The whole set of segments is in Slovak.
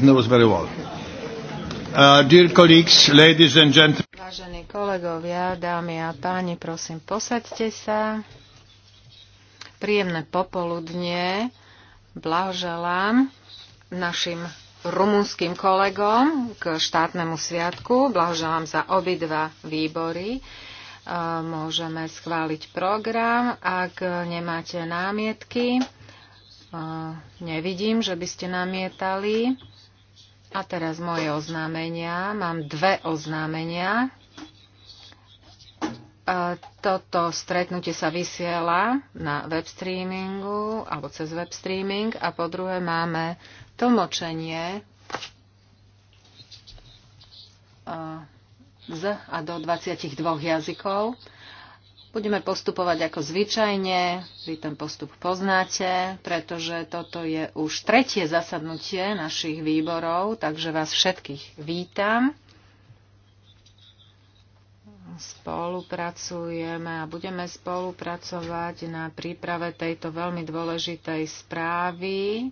knows very well. Uh, dear colleagues, ladies and gentlemen. Vážení kolegovia, dámy a páni, prosím, posaďte sa. Príjemné popoludnie. Blahoželám našim rumunským kolegom k štátnemu sviatku. Blahoželám za obidva výbory uh, môžeme schváliť program. Ak nemáte námietky, uh, nevidím, že by ste namietali. A teraz moje oznámenia. Mám dve oznámenia. E, toto stretnutie sa vysiela na web streamingu alebo cez web streaming a po druhé máme tlmočenie e, z a do 22 jazykov. Budeme postupovať ako zvyčajne, vy ten postup poznáte, pretože toto je už tretie zasadnutie našich výborov, takže vás všetkých vítam. Spolupracujeme a budeme spolupracovať na príprave tejto veľmi dôležitej správy.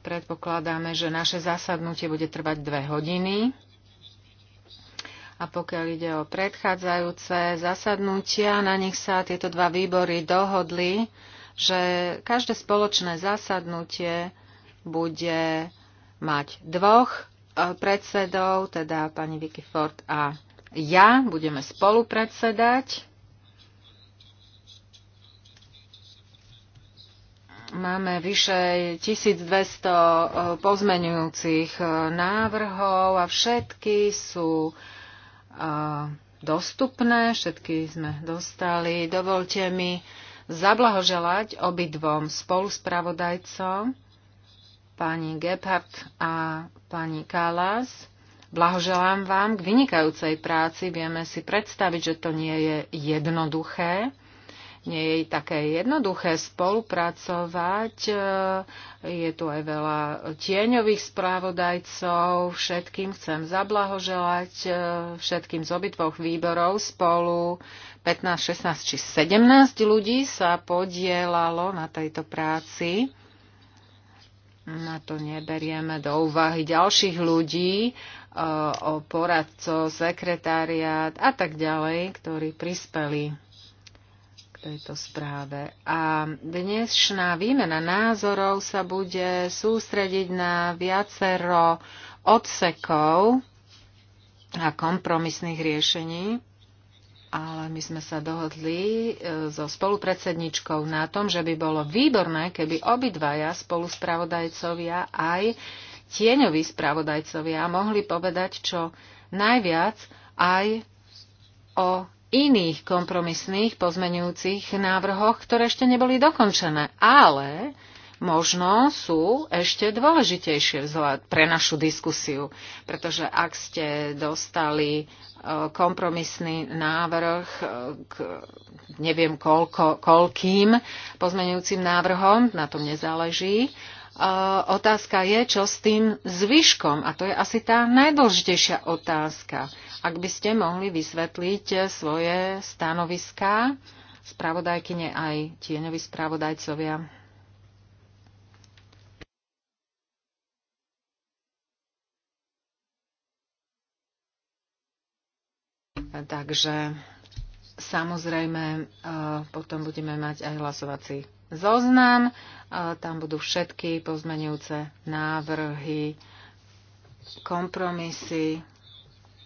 Predpokladáme, že naše zasadnutie bude trvať dve hodiny. A pokiaľ ide o predchádzajúce zasadnutia, na nich sa tieto dva výbory dohodli, že každé spoločné zasadnutie bude mať dvoch e, predsedov, teda pani Vicky Ford a ja budeme spolupredsedať. Máme vyše 1200 e, pozmenujúcich e, návrhov a všetky sú uh, dostupné, všetky sme dostali. Dovolte mi zablahoželať obidvom spoluspravodajcom, pani Gebhardt a pani Kalas. Blahoželám vám k vynikajúcej práci. Vieme si predstaviť, že to nie je jednoduché nie je také jednoduché spolupracovať. E, je tu aj veľa tieňových správodajcov. Všetkým chcem zablahoželať, e, všetkým z obidvoch výborov spolu. 15, 16 či 17 ľudí sa podielalo na tejto práci. Na to neberieme do úvahy ďalších ľudí, e, o poradcov, sekretariát a tak ďalej, ktorí prispeli tejto správe. A dnešná výmena názorov sa bude sústrediť na viacero odsekov a kompromisných riešení, ale my sme sa dohodli e, so spolupredsedničkou na tom, že by bolo výborné, keby obidvaja spoluspravodajcovia aj tieňoví spravodajcovia mohli povedať čo najviac aj o iných kompromisných pozmenujúcich návrhoch, ktoré ešte neboli dokončené, ale možno sú ešte dôležitejšie vzhľad pre našu diskusiu, pretože ak ste dostali e, kompromisný návrh e, k neviem koľko, koľkým pozmenujúcim návrhom, na tom nezáleží, e, otázka je, čo s tým zvyškom. A to je asi tá najdôležitejšia otázka. Ak by ste mohli vysvetliť svoje stanoviská, spravodajkyne aj tieňovi spravodajcovia. Takže samozrejme e, potom budeme mať aj hlasovací zoznam. E, tam budú všetky pozmenujúce návrhy, kompromisy,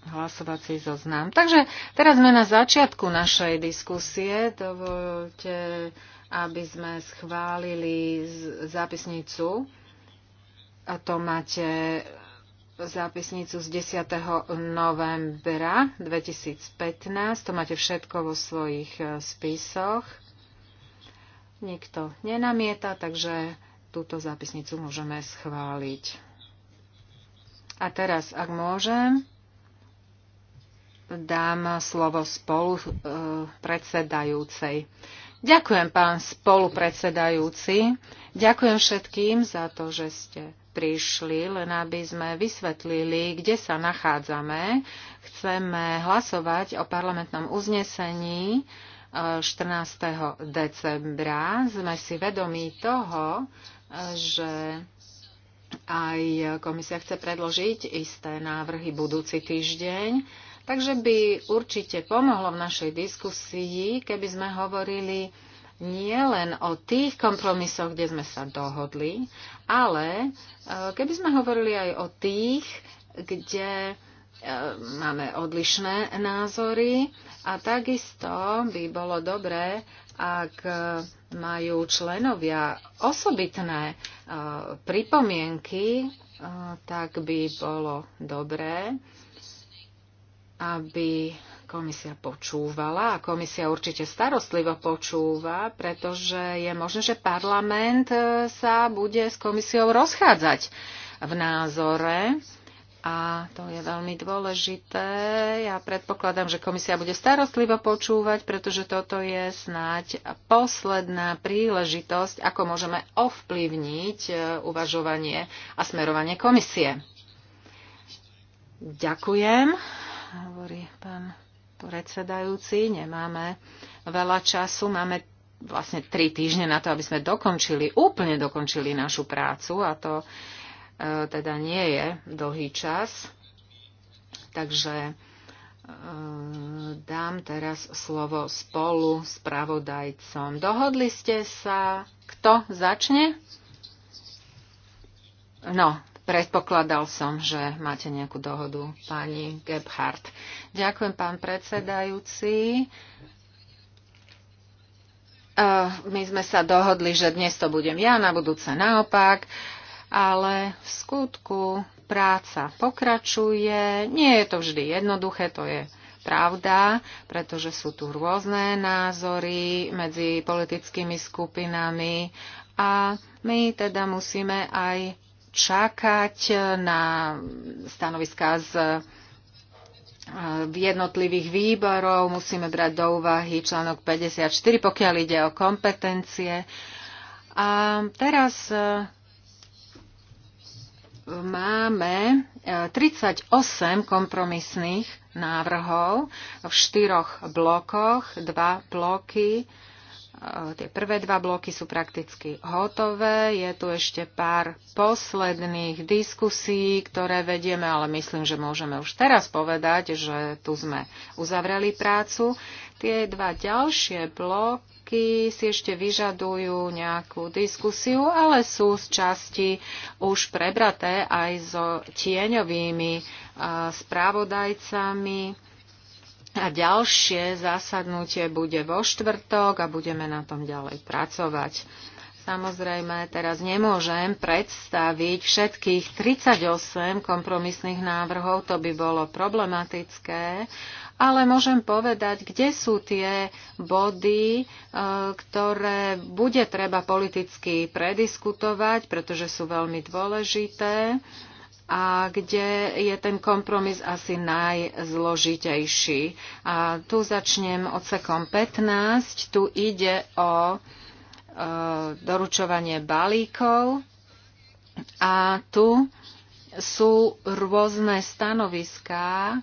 hlasovací zoznam. Takže teraz sme na začiatku našej diskusie. Dovolte, aby sme schválili zápisnicu. A to máte zápisnicu z 10. novembra 2015. To máte všetko vo svojich e, spisoch. Nikto nenamieta, takže túto zápisnicu môžeme schváliť. A teraz, ak môžem, dám slovo spolu predsedajúcej. Ďakujem, pán spolupredsedajúci. Ďakujem všetkým za to, že ste prišli, len aby sme vysvetlili, kde sa nachádzame. Chceme hlasovať o parlamentnom uznesení 14. Eh, decembra. Sme si vedomí toho, eh, že aj komisia chce predložiť isté návrhy budúci týždeň Takže by určite pomohlo v našej diskusii, keby sme hovorili nie len o tých kompromisoch, kde sme sa dohodli, ale e, keby sme hovorili aj o tých, kde e, máme odlišné názory a takisto by bolo dobré, ak e, majú členovia osobitné pripomienky, tak by bolo dobré, aby komisia počúvala a komisia určite starostlivo počúva, pretože je možné, že parlament e, sa bude s komisiou rozchádzať v názore a to je veľmi dôležité. Ja predpokladám, že komisia bude starostlivo počúvať, pretože toto je snáď posledná príležitosť, ako môžeme ovplyvniť e, uvažovanie a smerovanie komisie. Ďakujem hovorí pán predsedajúci. Nemáme veľa času, máme vlastne tri týždne na to, aby sme dokončili, úplne dokončili našu prácu a to e, teda nie je dlhý čas. Takže e, dám teraz slovo spolu s pravodajcom. Dohodli ste sa, kto začne? No, Predpokladal som, že máte nejakú dohodu, pani Gebhardt. Ďakujem, pán predsedajúci. E, my sme sa dohodli, že dnes to budem ja, na budúce naopak, ale v skutku práca pokračuje. Nie je to vždy jednoduché, to je pravda, pretože sú tu rôzne názory medzi politickými skupinami a my teda musíme aj čakať na stanoviská z e, v jednotlivých výborov musíme brať do úvahy článok 54, pokiaľ ide o kompetencie. A teraz e, máme 38 e, kompromisných návrhov v štyroch blokoch, dva bloky Eh, tie prvé dva bloky sú prakticky hotové. Je tu ešte pár posledných diskusí, ktoré vedieme, ale myslím, že môžeme už teraz povedať, že tu sme uzavreli prácu. Tie dva ďalšie bloky si ešte vyžadujú nejakú diskusiu, ale sú z časti už prebraté aj so tieňovými eh, spravodajcami. A ďalšie zasadnutie bude vo štvrtok a budeme na tom ďalej pracovať. Samozrejme, teraz nemôžem predstaviť všetkých 38 kompromisných návrhov, to by bolo problematické, ale môžem povedať, kde sú tie body, e, ktoré bude treba politicky prediskutovať, pretože sú veľmi dôležité a kde je ten kompromis asi najzložitejší. A tu začnem odsekom 15. Tu ide o e, doručovanie balíkov a tu sú rôzne stanoviská,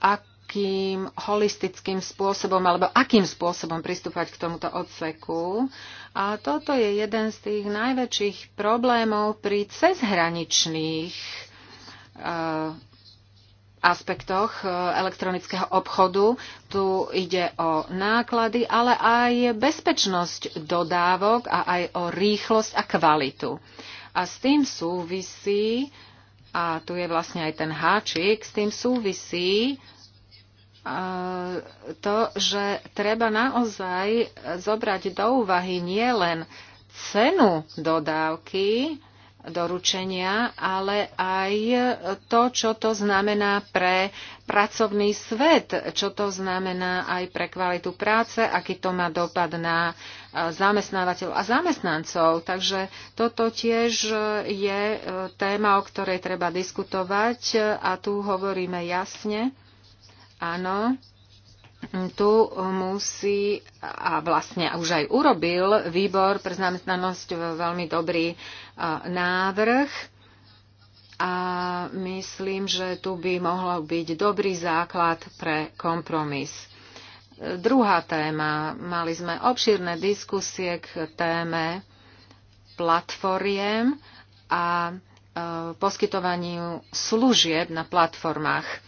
akým holistickým spôsobom alebo akým spôsobom pristúpať k tomuto odseku. A toto je jeden z tých najväčších problémov pri cezhraničných eh, aspektoch eh, elektronického obchodu. Tu ide o náklady, ale aj bezpečnosť dodávok a aj o rýchlosť a kvalitu. A s tým súvisí, a tu je vlastne aj ten háčik, s tým súvisí to, že treba naozaj zobrať do úvahy nielen cenu dodávky, doručenia, ale aj to, čo to znamená pre pracovný svet, čo to znamená aj pre kvalitu práce, aký to má dopad na e, zamestnávateľov a zamestnancov. Takže toto tiež je e, téma, o ktorej treba diskutovať e, a tu hovoríme jasne Áno, tu musí, a vlastne už aj urobil výbor pre zamestnanosť veľmi dobrý e, návrh a myslím, že tu by mohol byť dobrý základ pre kompromis. Druhá téma. Mali sme obšírne diskusie k téme platformiem a e, poskytovaniu služieb na platformách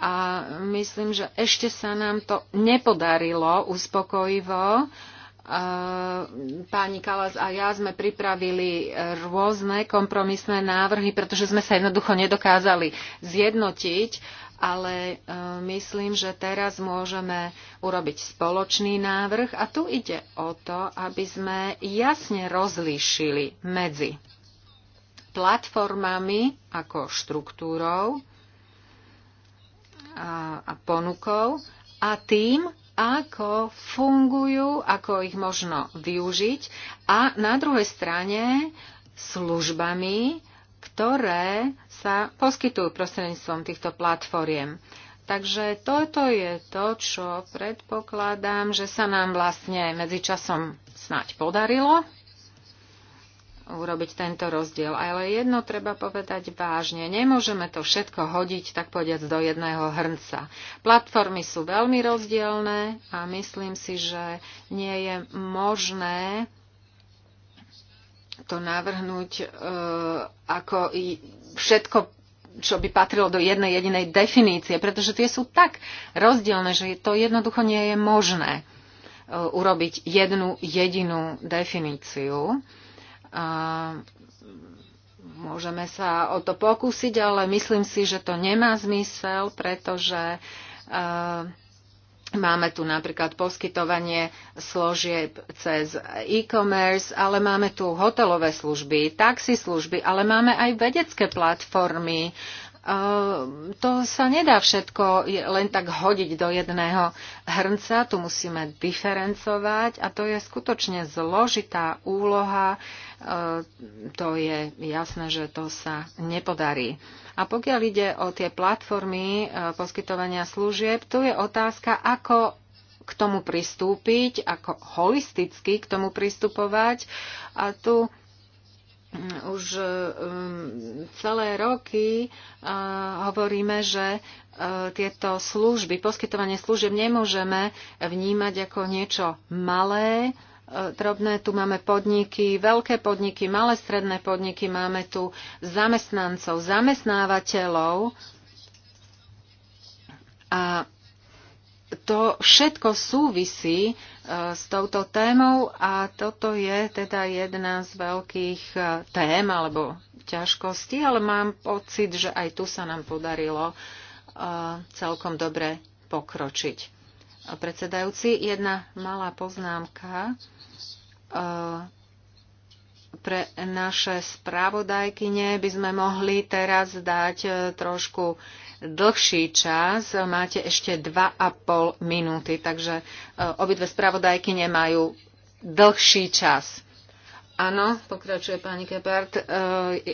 a myslím, že ešte sa nám to nepodarilo uspokojivo. Páni Kalas a ja sme pripravili rôzne kompromisné návrhy, pretože sme sa jednoducho nedokázali zjednotiť ale e, myslím, že teraz môžeme urobiť spoločný návrh a tu ide o to, aby sme jasne rozlíšili medzi platformami ako štruktúrou, a, a ponukou a tým, ako fungujú, ako ich možno využiť a na druhej strane službami, ktoré sa poskytujú prostredníctvom týchto platformiem. Takže toto je to, čo predpokladám, že sa nám vlastne medzičasom snáď podarilo urobiť tento rozdiel. Ale jedno treba povedať vážne. Nemôžeme to všetko hodiť, tak povediac, do jedného hrnca. Platformy sú veľmi rozdielne a myslím si, že nie je možné to navrhnúť uh, ako i všetko, čo by patrilo do jednej jedinej definície, pretože tie sú tak rozdielne, že to jednoducho nie je možné e, urobiť jednu jedinú definíciu. A môžeme sa o to pokúsiť, ale myslím si, že to nemá zmysel, pretože e, máme tu napríklad poskytovanie složieb cez e-commerce, ale máme tu hotelové služby, taxi služby, ale máme aj vedecké platformy, Ehm, to sa nedá všetko len tak hodiť do jedného hrnca, tu musíme diferencovať a to je skutočne zložitá úloha, ehm, to je jasné, že to sa nepodarí. A pokiaľ ide o tie platformy ehm, poskytovania služieb, tu je otázka, ako k tomu pristúpiť, ako holisticky k tomu pristupovať. A tu už e, mm, celé roky e, hovoríme, že e, tieto služby, poskytovanie služieb nemôžeme vnímať ako niečo malé, drobné. Tu máme podniky, veľké podniky, malé stredné podniky, máme tu zamestnancov, zamestnávateľov a to všetko súvisí e, s touto témou a toto je teda jedna z veľkých e, tém alebo ťažkostí, ale mám pocit, že aj tu sa nám podarilo e, celkom dobre pokročiť. Predsedajúci, jedna malá poznámka pre naše správodajkyne by sme mohli teraz dať trošku dlhší čas. Máte ešte 2,5 minúty, takže e, obidve spravodajky nemajú dlhší čas. Áno, pokračuje pani Gebert. E,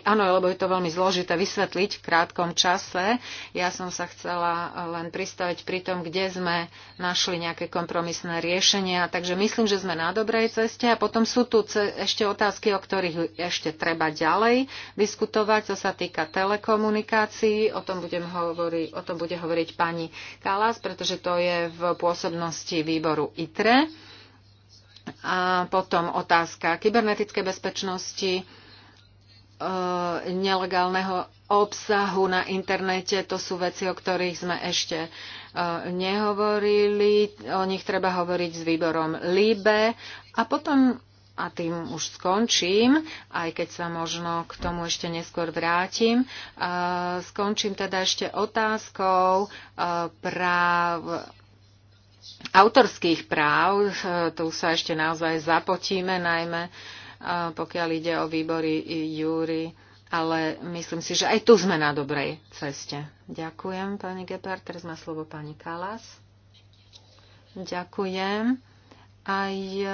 áno, lebo je to veľmi zložité vysvetliť v krátkom čase. Ja som sa chcela len pristaviť pri tom, kde sme našli nejaké kompromisné riešenia. Takže myslím, že sme na dobrej ceste a potom sú tu ešte otázky, o ktorých ešte treba ďalej diskutovať, čo sa týka telekomunikácií. O tom, budem hovori, o tom bude hovoriť pani Kalas, pretože to je v pôsobnosti výboru ITRE. A potom otázka kybernetickej bezpečnosti, e, nelegálneho obsahu na internete. To sú veci, o ktorých sme ešte e, nehovorili. O nich treba hovoriť s výborom LIBE. A potom, a tým už skončím, aj keď sa možno k tomu ešte neskôr vrátim, e, skončím teda ešte otázkou práv autorských práv. E, tu sa ešte naozaj zapotíme, najmä e, pokiaľ ide o výbory Júry, ale myslím si, že aj tu sme na dobrej ceste. Ďakujem, pani Gepard. Teraz má slovo pani Kalas. Ďakujem. Aj e,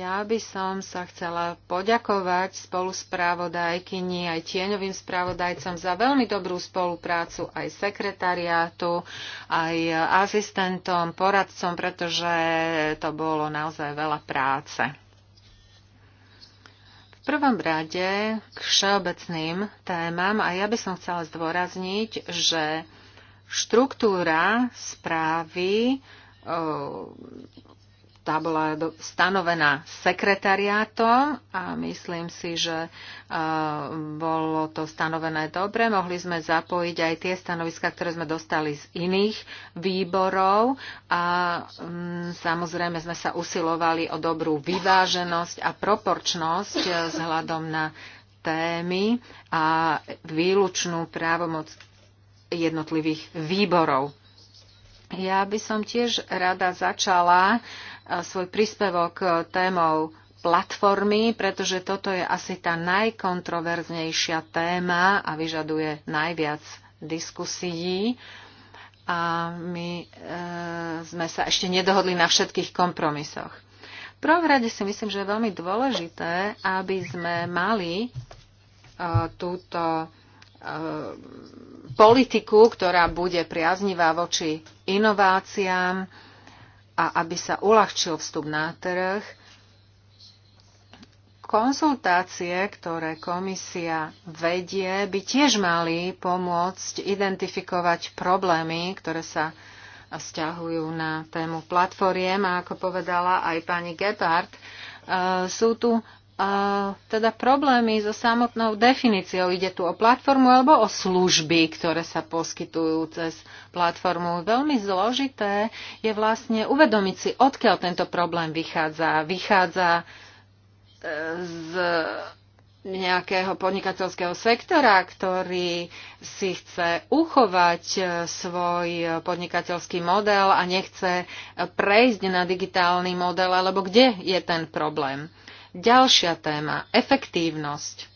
ja by som sa chcela poďakovať spolu správodajkyni aj tieňovým správodajcom za veľmi dobrú spoluprácu aj sekretariátu, aj asistentom, poradcom, pretože to bolo naozaj veľa práce. V prvom rade k všeobecným témam a ja by som chcela zdôrazniť, že štruktúra správy e, tá bola stanovená sekretariátom a myslím si, že bolo to stanovené dobre. Mohli sme zapojiť aj tie stanoviska, ktoré sme dostali z iných výborov a mm, samozrejme sme sa usilovali o dobrú vyváženosť a proporčnosť e, vzhľadom na témy a výlučnú právomoc jednotlivých výborov. Ja by som tiež rada začala uh, svoj príspevok e, témou platformy, pretože toto je asi tá najkontroverznejšia téma a vyžaduje najviac diskusií. A my e, sme sa ešte nedohodli na všetkých kompromisoch. V prvom rade si myslím, že je veľmi dôležité, aby sme mali e, túto e, politiku, ktorá bude priaznivá voči inováciám, a aby sa uľahčil vstup na trh, konzultácie, ktoré komisia vedie, by tiež mali pomôcť identifikovať problémy, ktoré sa vzťahujú na tému platformiem. A ako povedala aj pani Gebhardt, e, sú tu teda problémy so samotnou definíciou. Ide tu o platformu alebo o služby, ktoré sa poskytujú cez platformu. Veľmi zložité je vlastne uvedomiť si, odkiaľ tento problém vychádza. Vychádza e, z nejakého podnikateľského sektora, ktorý si chce uchovať e, svoj podnikateľský model a nechce prejsť na digitálny model, alebo kde je ten problém. Ďalšia téma, efektívnosť.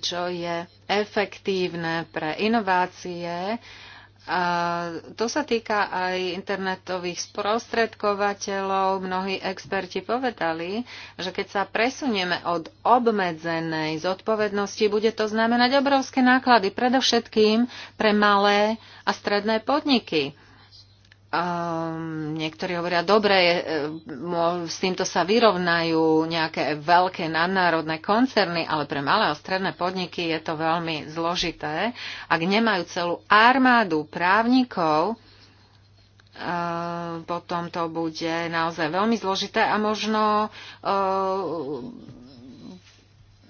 Čo je efektívne pre inovácie? A to sa týka aj internetových sprostredkovateľov. Mnohí experti povedali, že keď sa presunieme od obmedzenej zodpovednosti, bude to znamenať obrovské náklady, predovšetkým pre malé a stredné podniky. Um, niektorí hovoria, dobre, e, s týmto sa vyrovnajú nejaké veľké nadnárodné koncerny, ale pre malé a stredné podniky je to veľmi zložité. Ak nemajú celú armádu právnikov, e, potom to bude naozaj veľmi zložité a možno e,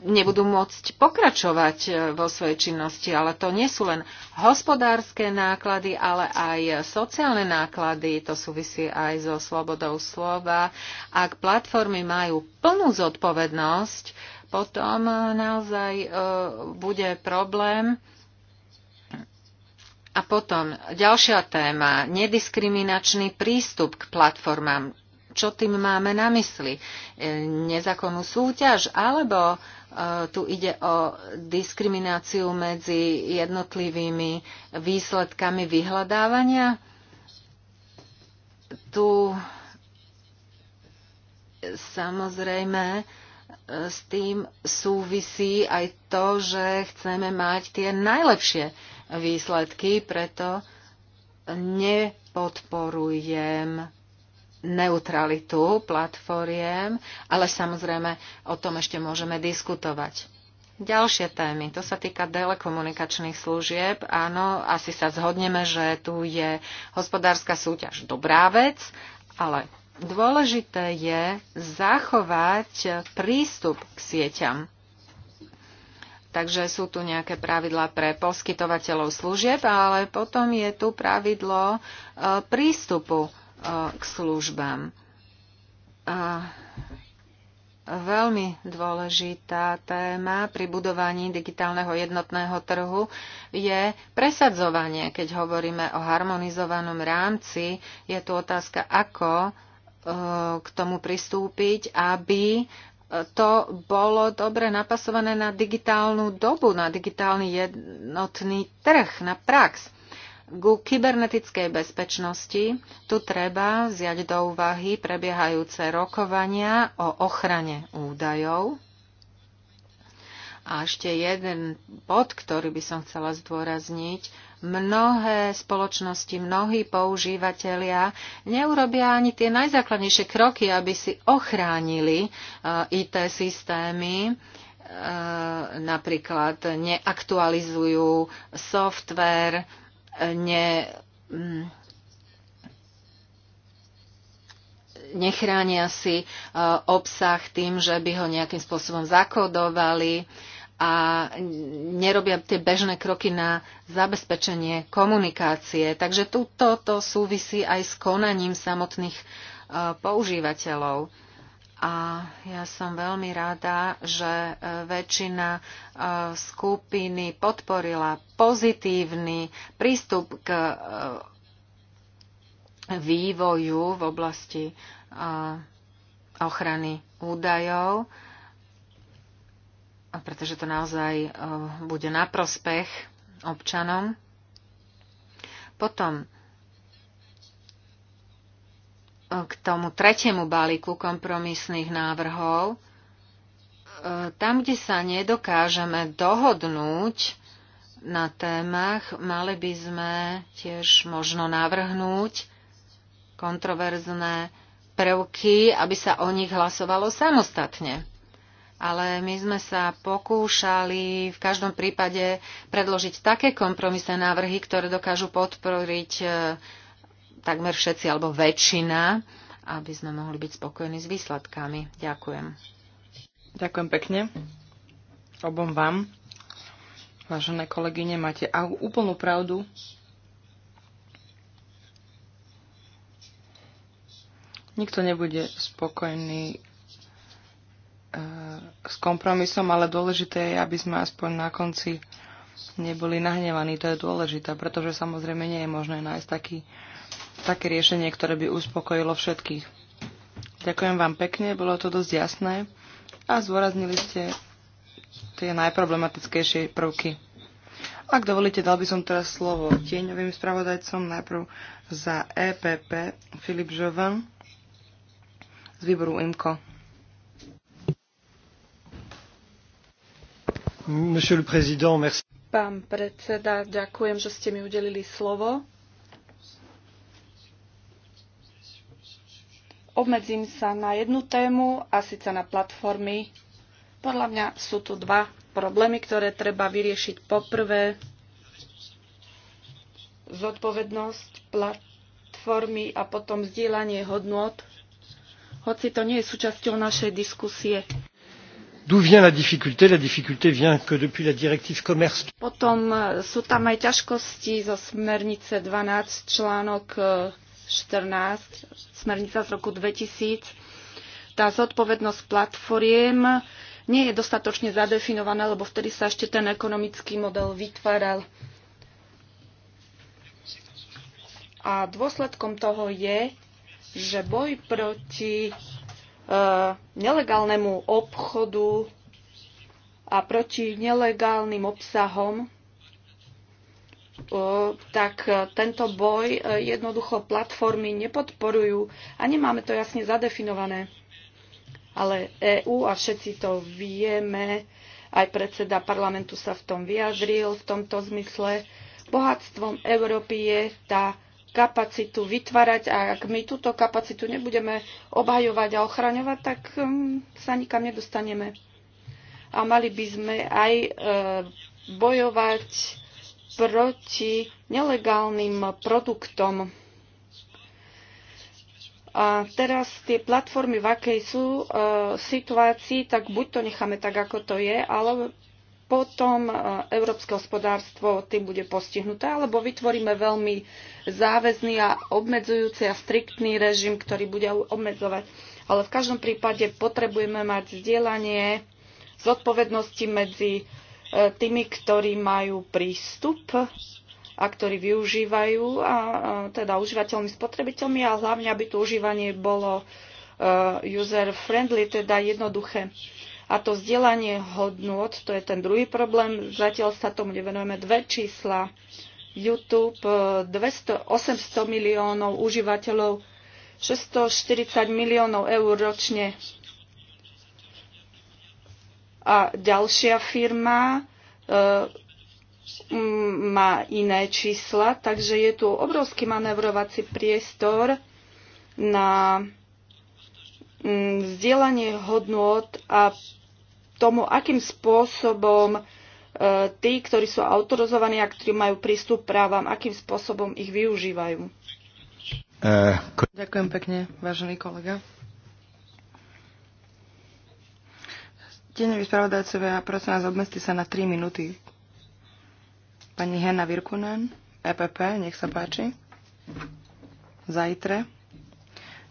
nebudú môcť pokračovať e, vo svojej činnosti. Ale to nie sú len hospodárske náklady, ale aj sociálne náklady. To súvisí aj so slobodou slova. Ak platformy majú plnú zodpovednosť, potom e, naozaj e, bude problém. A potom ďalšia téma, nediskriminačný prístup k platformám čo tým máme na mysli? E, nezákonnú súťaž alebo e, tu ide o diskrimináciu medzi jednotlivými výsledkami vyhľadávania? Tu samozrejme e, s tým súvisí aj to, že chceme mať tie najlepšie výsledky, preto nepodporujem neutralitu platformiem, ale samozrejme o tom ešte môžeme diskutovať. Ďalšie témy, to sa týka telekomunikačných služieb. Áno, asi sa zhodneme, že tu je hospodárska súťaž dobrá vec, ale dôležité je zachovať prístup k sieťam. Takže sú tu nejaké pravidlá pre poskytovateľov služieb, ale potom je tu pravidlo e, prístupu k službám. A veľmi dôležitá téma pri budovaní digitálneho jednotného trhu je presadzovanie. Keď hovoríme o harmonizovanom rámci, je tu otázka, ako e, k tomu pristúpiť, aby e, to bolo dobre napasované na digitálnu dobu, na digitálny jednotný trh, na prax. Ku kybernetickej bezpečnosti tu treba vziať do úvahy prebiehajúce rokovania o ochrane údajov. A ešte jeden bod, ktorý by som chcela zdôrazniť. Mnohé spoločnosti, mnohí používateľia neurobia ani tie najzákladnejšie kroky, aby si ochránili e, IT systémy e, napríklad neaktualizujú software, ne, mm, nechránia si e, obsah tým, že by ho nejakým spôsobom zakodovali a nerobia tie bežné kroky na zabezpečenie komunikácie. Takže toto to súvisí aj s konaním samotných e, používateľov. A ja som veľmi rada, že e, väčšina e, skupiny podporila pozitívny prístup k e, vývoju v oblasti ochrany údajov, pretože to naozaj bude na prospech občanom. Potom k tomu tretiemu balíku kompromisných návrhov, e, tam, kde sa nedokážeme dohodnúť na témach, mali by sme tiež možno navrhnúť kontroverzné prvky, aby sa o nich hlasovalo samostatne. Ale my sme sa pokúšali v každom prípade predložiť také kompromisné návrhy, ktoré dokážu podporiť e, takmer všetci alebo väčšina, aby sme mohli byť spokojní s výsledkami. Ďakujem. Ďakujem pekne. Obom vám. Vážené kolegyne, máte úplnú pravdu. Nikto nebude spokojný eh, s kompromisom, ale dôležité je, aby sme aspoň na konci neboli nahnevaní. To je dôležité, pretože samozrejme nie je možné nájsť taký také riešenie, ktoré by uspokojilo všetkých. Ďakujem vám pekne, bolo to dosť jasné a zvoraznili ste tie najproblematickejšie prvky. Ak dovolíte, dal by som teraz slovo tieňovým spravodajcom najprv za EPP Filip Žovan z výboru IMKO. Pán predseda, ďakujem, že ste mi udelili slovo. Obmedzím sa na jednu tému a síce na platformy. Podľa mňa sú tu dva problémy, ktoré treba vyriešiť. Poprvé, zodpovednosť platformy a potom zdieľanie hodnot, hoci to nie je súčasťou našej diskusie. D'où vient la difficulté La difficulté vient que depuis la directive commerce. Potom e, sú tam aj ťažkosti zo smernice 12 článok e, smernica z roku 2000, tá zodpovednosť platformiem nie je dostatočne zadefinovaná, lebo vtedy sa ešte ten ekonomický model vytváral. A dôsledkom toho je, že boj proti e, nelegálnemu obchodu a proti nelegálnym obsahom tak e, tento boj e, jednoducho platformy nepodporujú a nemáme to jasne zadefinované. Ale EÚ a všetci to vieme, aj predseda parlamentu sa v tom vyjadril v tomto zmysle. Bohatstvom Európy je tá kapacitu vytvárať a ak my túto kapacitu nebudeme obhajovať a ochraňovať, tak mm, sa nikam nedostaneme. A mali by sme aj e, bojovať proti nelegálnym produktom. A teraz tie platformy, v akej sú e, situácii, tak buď to necháme tak, ako to je, ale potom e, európske hospodárstvo tým bude postihnuté, alebo vytvoríme veľmi záväzný a obmedzujúci a striktný režim, ktorý bude obmedzovať. Ale v každom prípade potrebujeme mať zdieľanie zodpovednosti medzi tými, ktorí majú prístup a ktorí využívajú, a, teda užívateľmi, spotrebiteľmi a hlavne, aby to užívanie bolo e, user-friendly, teda jednoduché. A to vzdielanie hodnot, to je ten druhý problém, zatiaľ sa tomu nevenujeme dve čísla. YouTube 200, e, 800 miliónov užívateľov, 640 miliónov eur ročne a ďalšia firma e, má iné čísla, takže je tu obrovský manevrovací priestor na vzdielanie hodnot a tomu, akým spôsobom e, tí, ktorí sú autorizovaní a ktorí majú prístup právam, akým spôsobom ich využívajú. E, Ďakujem pekne, vážený kolega. Deňoví spravodajcovia, prosím vás, obmeste sa na 3 minúty. Pani Hena Virkunen, EPP, nech sa páči. Zajtre.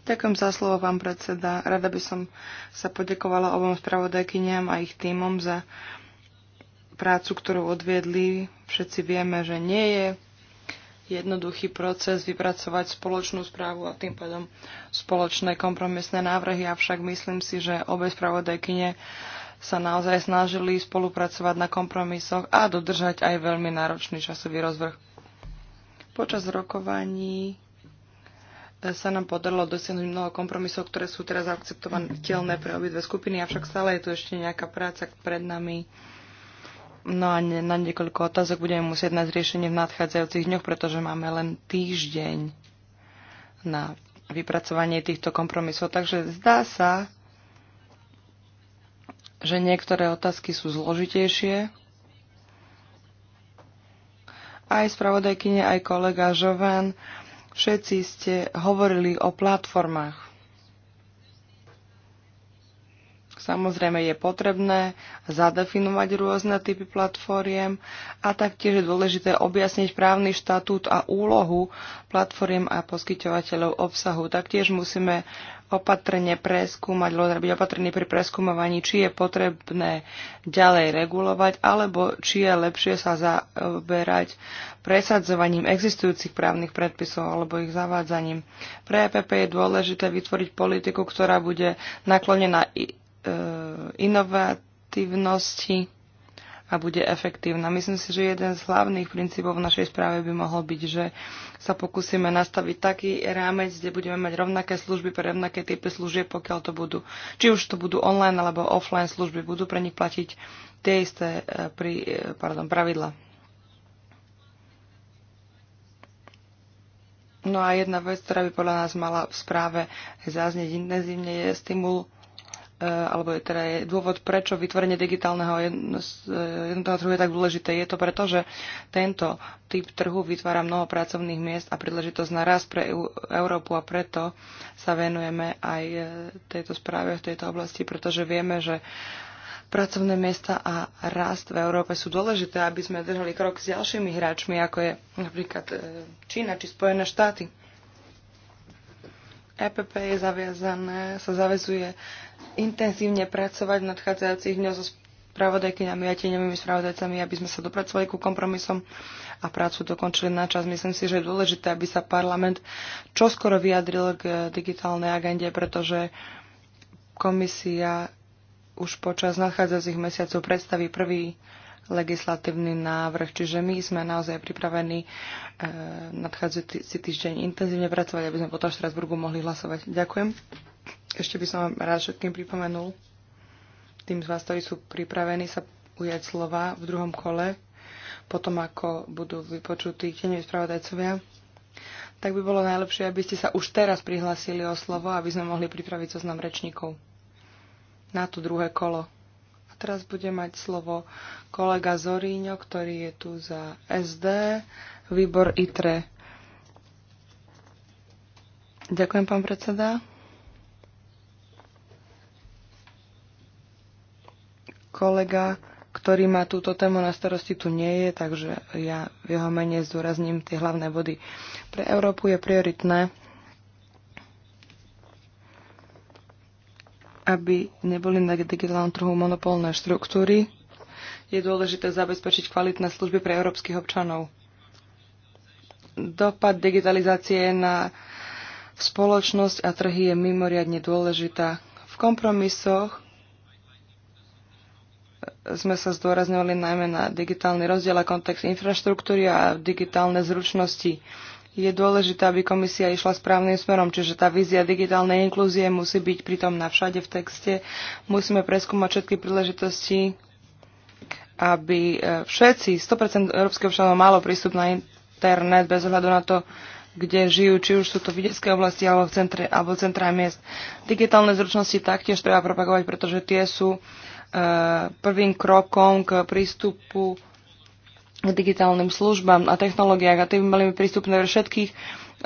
Ďakujem za slovo, pán predseda. Rada by som sa podekovala obom spravodajkyniam a ich týmom za prácu, ktorú odviedli. Všetci vieme, že nie je jednoduchý proces vypracovať spoločnú správu a tým pádom spoločné kompromisné návrhy, avšak myslím si, že obe spravodajkyne sa naozaj snažili spolupracovať na kompromisoch a dodržať aj veľmi náročný časový rozvrh. Počas rokovaní e, sa nám podarilo dosiahnuť mnoho kompromisov, ktoré sú teraz akceptovateľné pre obidve skupiny, avšak stále je tu ešte nejaká práca pred nami. No a ne, na niekoľko otázok budeme musieť nájsť riešenie v nadchádzajúcich dňoch, pretože máme len týždeň na vypracovanie týchto kompromisov. Takže zdá sa, že niektoré otázky sú zložitejšie. Aj spravodajkyne, aj kolega Žovan, všetci ste hovorili o platformách. Samozrejme je potrebné zadefinovať rôzne typy platformiem a taktiež je dôležité objasniť právny štatút a úlohu platformiem a poskytovateľov obsahu. Taktiež musíme opatrne preskúmať, byť opatrný pri preskúmovaní, či je potrebné ďalej regulovať, alebo či je lepšie sa zaberať presadzovaním existujúcich právnych predpisov alebo ich zavádzaním. Pre EPP je dôležité vytvoriť politiku, ktorá bude naklonená E, inovatívnosti a bude efektívna. Myslím si, že jeden z hlavných princípov v našej správe by mohol byť, že sa pokúsime nastaviť taký rámec, kde budeme mať rovnaké služby pre rovnaké typy služieb, pokiaľ to budú, či už to budú online alebo offline služby, budú pre nich platiť tie isté e, pri, e, pardon, pravidla. No a jedna vec, ktorá by podľa nás mala v správe zaznieť intenzívne, je stimul E, alebo je teda je dôvod, prečo vytvorenie digitálneho e, jednotného trhu je tak dôležité. Je to preto, že tento typ trhu vytvára mnoho pracovných miest a príležitosť na rast pre Európu a preto sa venujeme aj e, tejto správe v tejto oblasti, pretože vieme, že pracovné miesta a rast v Európe sú dôležité, aby sme držali krok s ďalšími hráčmi, ako je napríklad Čína či Spojené štáty. EPP je zaviazané, sa zavezuje intenzívne pracovať v nadchádzajúcich dňoch so spravodajkyňami a tieňovými spravodajcami, aby sme sa dopracovali ku kompromisom a prácu dokončili na čas. Myslím si, že je dôležité, aby sa parlament čoskoro vyjadril k digitálnej agende, pretože komisia už počas nadchádzajúcich mesiacov predstaví prvý legislatívny návrh. Čiže my sme naozaj pripravení e, nadchádzajúci týždeň intenzívne pracovať, aby sme potom v Štrasburgu mohli hlasovať. Ďakujem. Ešte by som vám rád všetkým pripomenul, tým z vás, ktorí sú pripravení sa ujať slova v druhom kole, potom ako budú vypočutí tieňoví spravodajcovia, tak by bolo najlepšie, aby ste sa už teraz prihlásili o slovo, aby sme mohli pripraviť zoznam rečníkov na to druhé kolo teraz bude mať slovo kolega Zoríňo, ktorý je tu za SD, výbor ITRE. Ďakujem, pán predseda. Kolega, ktorý má túto tému na starosti, tu nie je, takže ja v jeho mene zdôrazním tie hlavné body. Pre Európu je prioritné aby neboli na digitálnom trhu monopolné štruktúry, je dôležité zabezpečiť kvalitné služby pre európskych občanov. Dopad digitalizácie na spoločnosť a trhy je mimoriadne dôležitá. V kompromisoch sme sa zdôrazňovali najmä na digitálny rozdiel a kontext infraštruktúry a digitálne zručnosti je dôležité, aby komisia išla správnym smerom, čiže tá vízia digitálnej inklúzie musí byť pritom na všade v texte. Musíme preskúmať všetky príležitosti, aby e, všetci, 100% európskeho občanov malo prístup na internet bez ohľadu na to, kde žijú, či už sú to v vidieckej oblasti alebo v centre, alebo v miest. Digitálne zručnosti taktiež treba propagovať, pretože tie sú e, prvým krokom k prístupu digitálnym službám a technológiách a tie by mali byť prístupné pre všetkých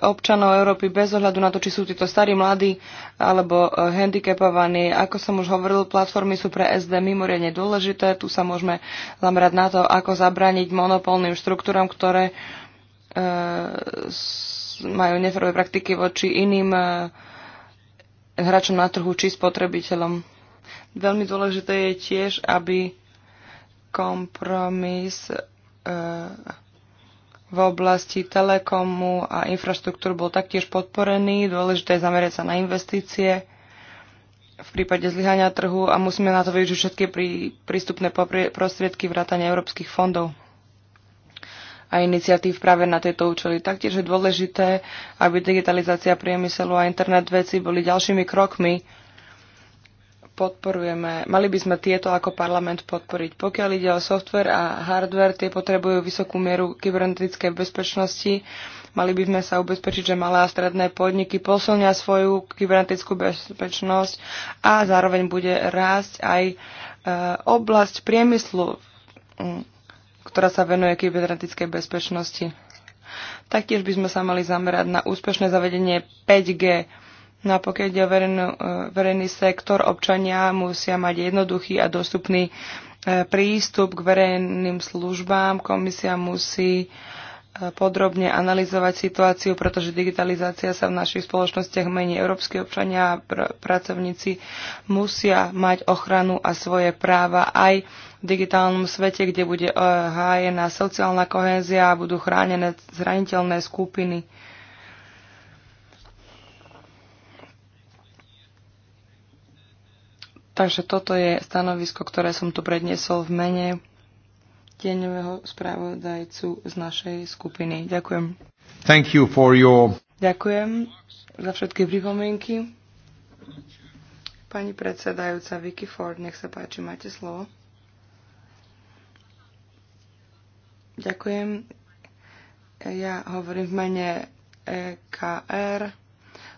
občanov Európy bez ohľadu na to, či sú títo starí, mladí alebo e, handicapovaní. Ako som už hovoril, platformy sú pre SD mimoriadne dôležité. Tu sa môžeme zamerať na to, ako zabrániť monopolným štruktúram, ktoré e, s, majú neferové praktiky voči iným e, hráčom na trhu či spotrebiteľom. Veľmi dôležité je tiež, aby kompromis Eh, v oblasti telekomu a infraštruktúr bol taktiež podporený. Dôležité je zamerať sa na investície v prípade zlyhania trhu a musíme na to využiť všetky prí, prístupné prostriedky vrátania európskych fondov a iniciatív práve na tieto účely. Taktiež je dôležité, aby digitalizácia priemyselu a internet veci boli ďalšími krokmi podporujeme, mali by sme tieto ako parlament podporiť. Pokiaľ ide o software a hardware, tie potrebujú vysokú mieru kybernetickej bezpečnosti. Mali by sme sa ubezpečiť, že malé a stredné podniky posilnia svoju kybernetickú bezpečnosť a zároveň bude rásť aj e, oblasť priemyslu, ktorá sa venuje kybernetickej bezpečnosti. Taktiež by sme sa mali zamerať na úspešné zavedenie 5G No a pokiaľ ide o verejnú, e, verejný sektor, občania musia mať jednoduchý a dostupný e, prístup k verejným službám. Komisia musí e, podrobne analyzovať situáciu, pretože digitalizácia sa v našich spoločnostiach mení. Európsky občania a pr- pracovníci musia mať ochranu a svoje práva aj v digitálnom svete, kde bude hájená sociálna kohézia a budú chránené zraniteľné skupiny. Takže toto je stanovisko, ktoré som tu predniesol v mene tieňového správodajcu z našej skupiny. Ďakujem. Thank you for your... Ďakujem za všetky pripomienky. Pani predsedajúca Vicky Ford, nech sa páči, máte slovo. Ďakujem. Ja hovorím v mene EKR.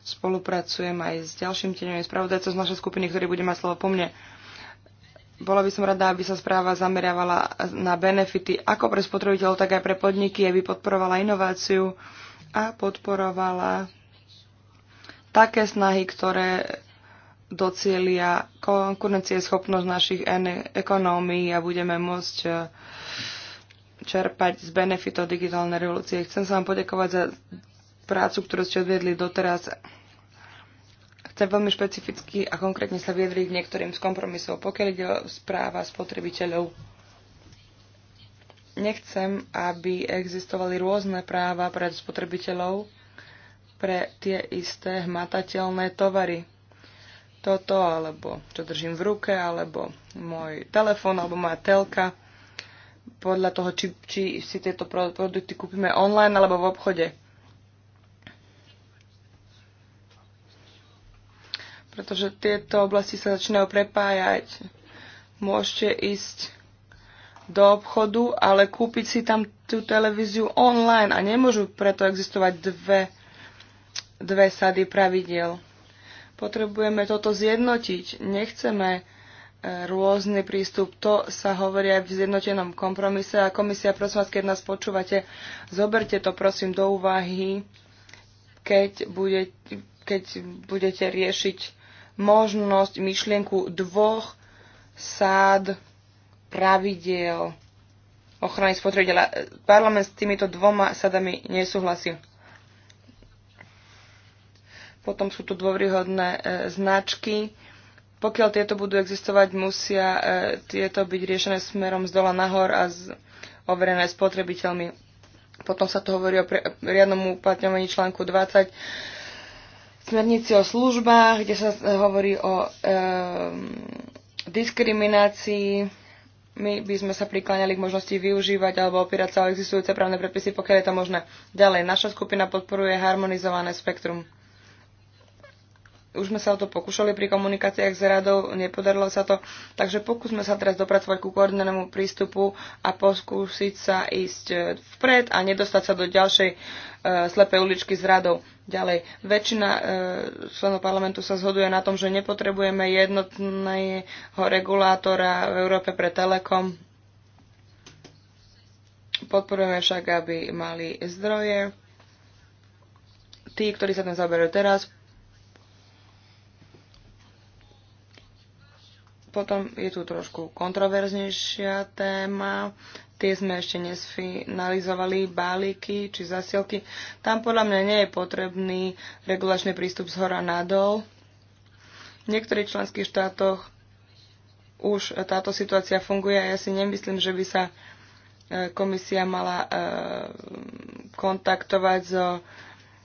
Spolupracujem aj s ďalším tieňovým spravodajcom z našej skupiny, ktorý bude mať slovo po mne. Bola by som rada, aby sa správa zameriavala na benefity ako pre spotrebiteľov, tak aj pre podniky, aby podporovala inováciu a podporovala také snahy, ktoré docielia konkurencieschopnosť našich ekonómií a budeme môcť eh, čerpať z benefitov digitálnej revolúcie. Chcem sa vám podekovať za prácu, ktorú ste odviedli doteraz. Chcem veľmi špecificky a konkrétne sa vyjadriť k niektorým z kompromisov, pokiaľ ide o správa spotrebiteľov. Nechcem, aby existovali rôzne práva pre spotrebiteľov pre tie isté hmatateľné tovary. Toto, alebo čo držím v ruke, alebo môj telefón, alebo moja telka podľa toho, či, či si tieto produkty kúpime online alebo v obchode. pretože tieto oblasti sa začínajú prepájať. Môžete ísť do obchodu, ale kúpiť si tam tú televíziu online a nemôžu preto existovať dve, dve sady pravidel. Potrebujeme toto zjednotiť. Nechceme e, rôzny prístup. To sa hovorí aj v zjednotenom kompromise a komisia, prosím vás, keď nás počúvate, zoberte to prosím do úvahy, keď, bude, keď budete riešiť možnosť myšlienku dvoch sád pravidiel ochrany spotrebiteľa. Parlament s týmito dvoma sadami nesúhlasí. Potom sú tu dôvryhodné e, značky. Pokiaľ tieto budú existovať, musia e, tieto byť riešené smerom z dola nahor a z, overené spotrebiteľmi. Potom sa to hovorí o pre, riadnom uplatňovaní článku 20 smernici o službách, kde sa eh, hovorí o e, diskriminácii. My by sme sa prikláňali k možnosti využívať alebo opierať sa o existujúce právne predpisy, pokiaľ je to možné. Ďalej, naša skupina podporuje harmonizované spektrum už sme sa o to pokúšali pri komunikáciách s radou, nepodarilo sa to, takže pokúsme sa teraz dopracovať ku koordinovanému prístupu a poskúsiť sa ísť e, vpred a nedostať sa do ďalšej e, slepej uličky s radou. Ďalej, väčšina e, členov parlamentu sa zhoduje na tom, že nepotrebujeme jednotného regulátora v Európe pre telekom. Podporujeme však, aby mali zdroje. Tí, ktorí sa tam zaberajú teraz, Potom je tu trošku kontroverznejšia téma. Tie sme ešte nesfinalizovali, balíky či zasielky. Tam podľa mňa nie je potrebný regulačný prístup z hora nadol. V niektorých členských štátoch už táto situácia funguje a ja si nemyslím, že by sa e, komisia mala e, kontaktovať so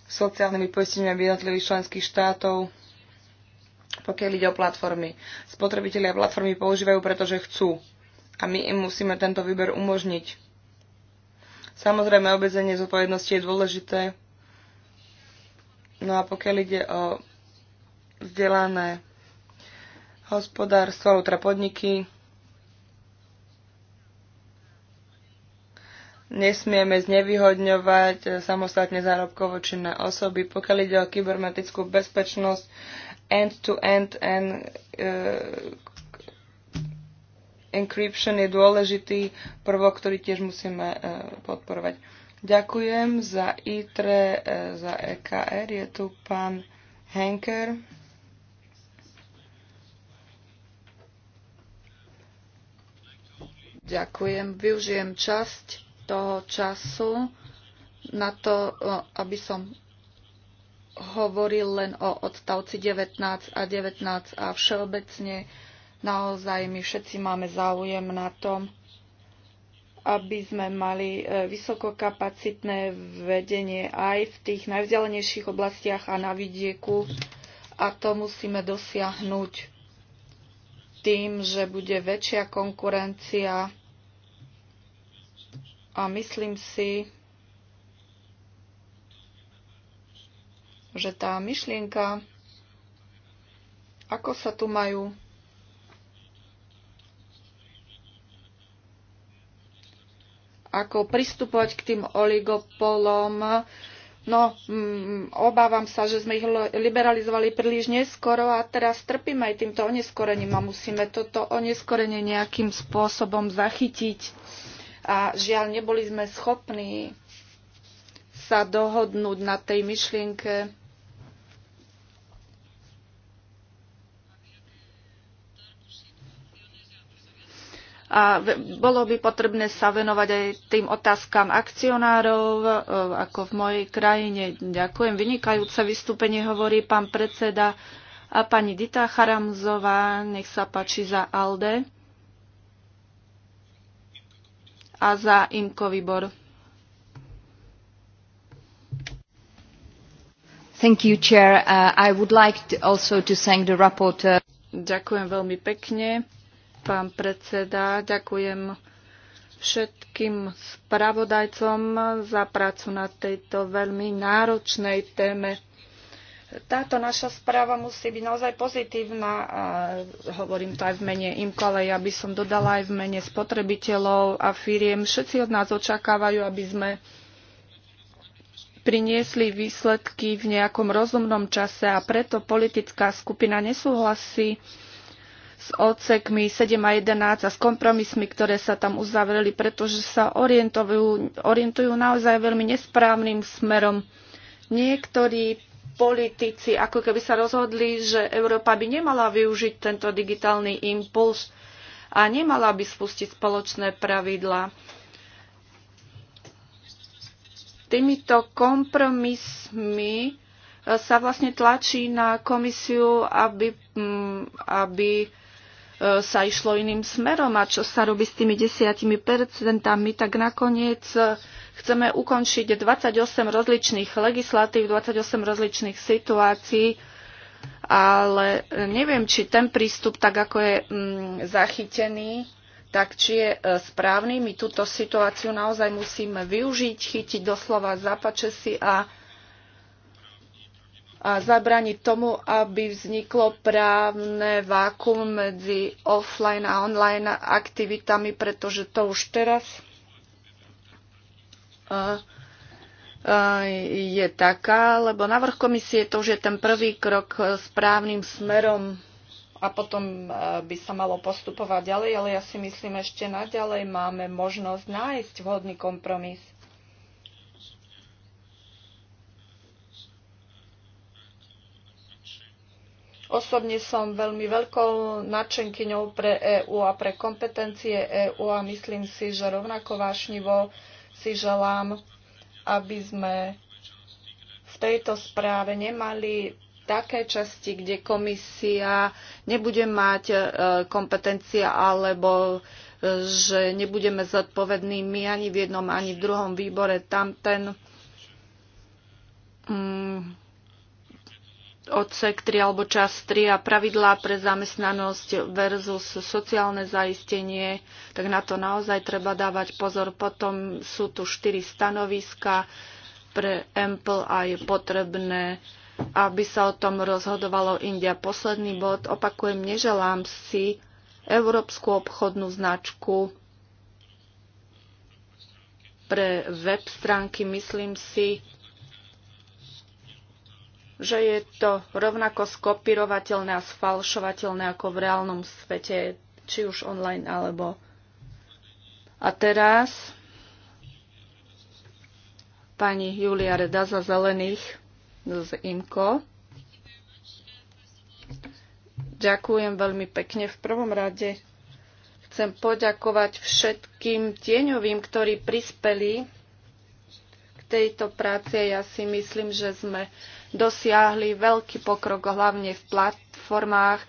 sociálnymi poisteniami jednotlivých členských štátov pokiaľ ide o platformy. Spotrebitelia platformy používajú, pretože chcú. A my im musíme tento výber umožniť. Samozrejme, obmedzenie zodpovednosti je dôležité. No a pokiaľ ide o vzdelané hospodárstvo, alebo teda podniky, nesmieme znevýhodňovať samostatne zárobkovo činné osoby. Pokiaľ ide o kybernetickú bezpečnosť, end-to-end and uh, encryption je dôležitý prvok, ktorý tiež musíme uh, podporovať. Ďakujem za ITRE, uh, za EKR. Je tu pán Henker. Ďakujem. Využijem časť toho času na to, aby som hovoril len o odstavci 19 a 19 a všeobecne naozaj my všetci máme záujem na tom, aby sme mali e, vysokokapacitné vedenie aj v tých najvzdialenejších oblastiach a na vidieku. A to musíme dosiahnuť tým, že bude väčšia konkurencia. A myslím si, že tá myšlienka, ako sa tu majú ako pristupovať k tým oligopolom. No, mm, obávam sa, že sme ich liberalizovali príliš neskoro a teraz trpíme aj týmto oneskorením a musíme toto oneskorenie nejakým spôsobom zachytiť. A žiaľ, neboli sme schopní sa dohodnúť na tej myšlienke a bolo by potrebné sa venovať aj tým otázkam akcionárov, e, ako v mojej krajine. Ďakujem, vynikajúce vystúpenie hovorí pán predseda a pani Dita Charamzová, nech sa páči za ALDE a za IMKO výbor. Thank you, Chair. Uh, I would like to also to thank the rapporteur. Ďakujem veľmi pekne pán predseda. Ďakujem všetkým spravodajcom za prácu na tejto veľmi náročnej téme. Táto naša správa musí byť naozaj pozitívna a hovorím to aj v mene IMKO, ale ja by som dodala aj v mene spotrebiteľov a firiem. Všetci od nás očakávajú, aby sme priniesli výsledky v nejakom rozumnom čase a preto politická skupina nesúhlasí s odsekmi 7 a 11 a s kompromismi, ktoré sa tam uzavreli, pretože sa orientujú, orientujú naozaj veľmi nesprávnym smerom. Niektorí politici ako keby sa rozhodli, že Európa by nemala využiť tento digitálny impuls a nemala by spustiť spoločné pravidlá. Týmito kompromismi e, sa vlastne tlačí na komisiu, aby, mm, aby E, sa išlo iným smerom a čo sa robí s tými desiatimi percentami, tak nakoniec e, chceme ukončiť 28 rozličných legislatív, 28 rozličných situácií, ale neviem, či ten prístup, tak ako je mm, zachytený, tak či je e, správny. My túto situáciu naozaj musíme využiť, chytiť doslova zapače si a a zabrániť tomu, aby vzniklo právne vákum medzi offline a online aktivitami, pretože to už teraz je taká, lebo navrh komisie to už je ten prvý krok správnym smerom a potom by sa malo postupovať ďalej, ale ja si myslím, ešte naďalej máme možnosť nájsť vhodný kompromis. Osobne som veľmi veľkou nadšenkyňou pre EÚ a pre kompetencie EÚ a myslím si, že rovnako vášnivo si želám, aby sme v tejto správe nemali také časti, kde komisia nebude mať e, kompetencia alebo e, že nebudeme zodpovední my ani v jednom, ani v druhom výbore. Tam ten mm, odsek 3 alebo čas 3 a pravidlá pre zamestnanosť versus sociálne zaistenie, tak na to naozaj treba dávať pozor. Potom sú tu 4 stanoviska pre EMPL a je potrebné, aby sa o tom rozhodovalo India. Posledný bod, opakujem, neželám si európsku obchodnú značku pre web stránky. Myslím si, že je to rovnako skopirovateľné a sfalšovateľné ako v reálnom svete, či už online alebo. A teraz pani Julia Reda za Zelených z IMCO. Ďakujem veľmi pekne. V prvom rade chcem poďakovať všetkým tieňovým, ktorí prispeli k tejto práci. Ja si myslím, že sme dosiahli veľký pokrok, hlavne v platformách.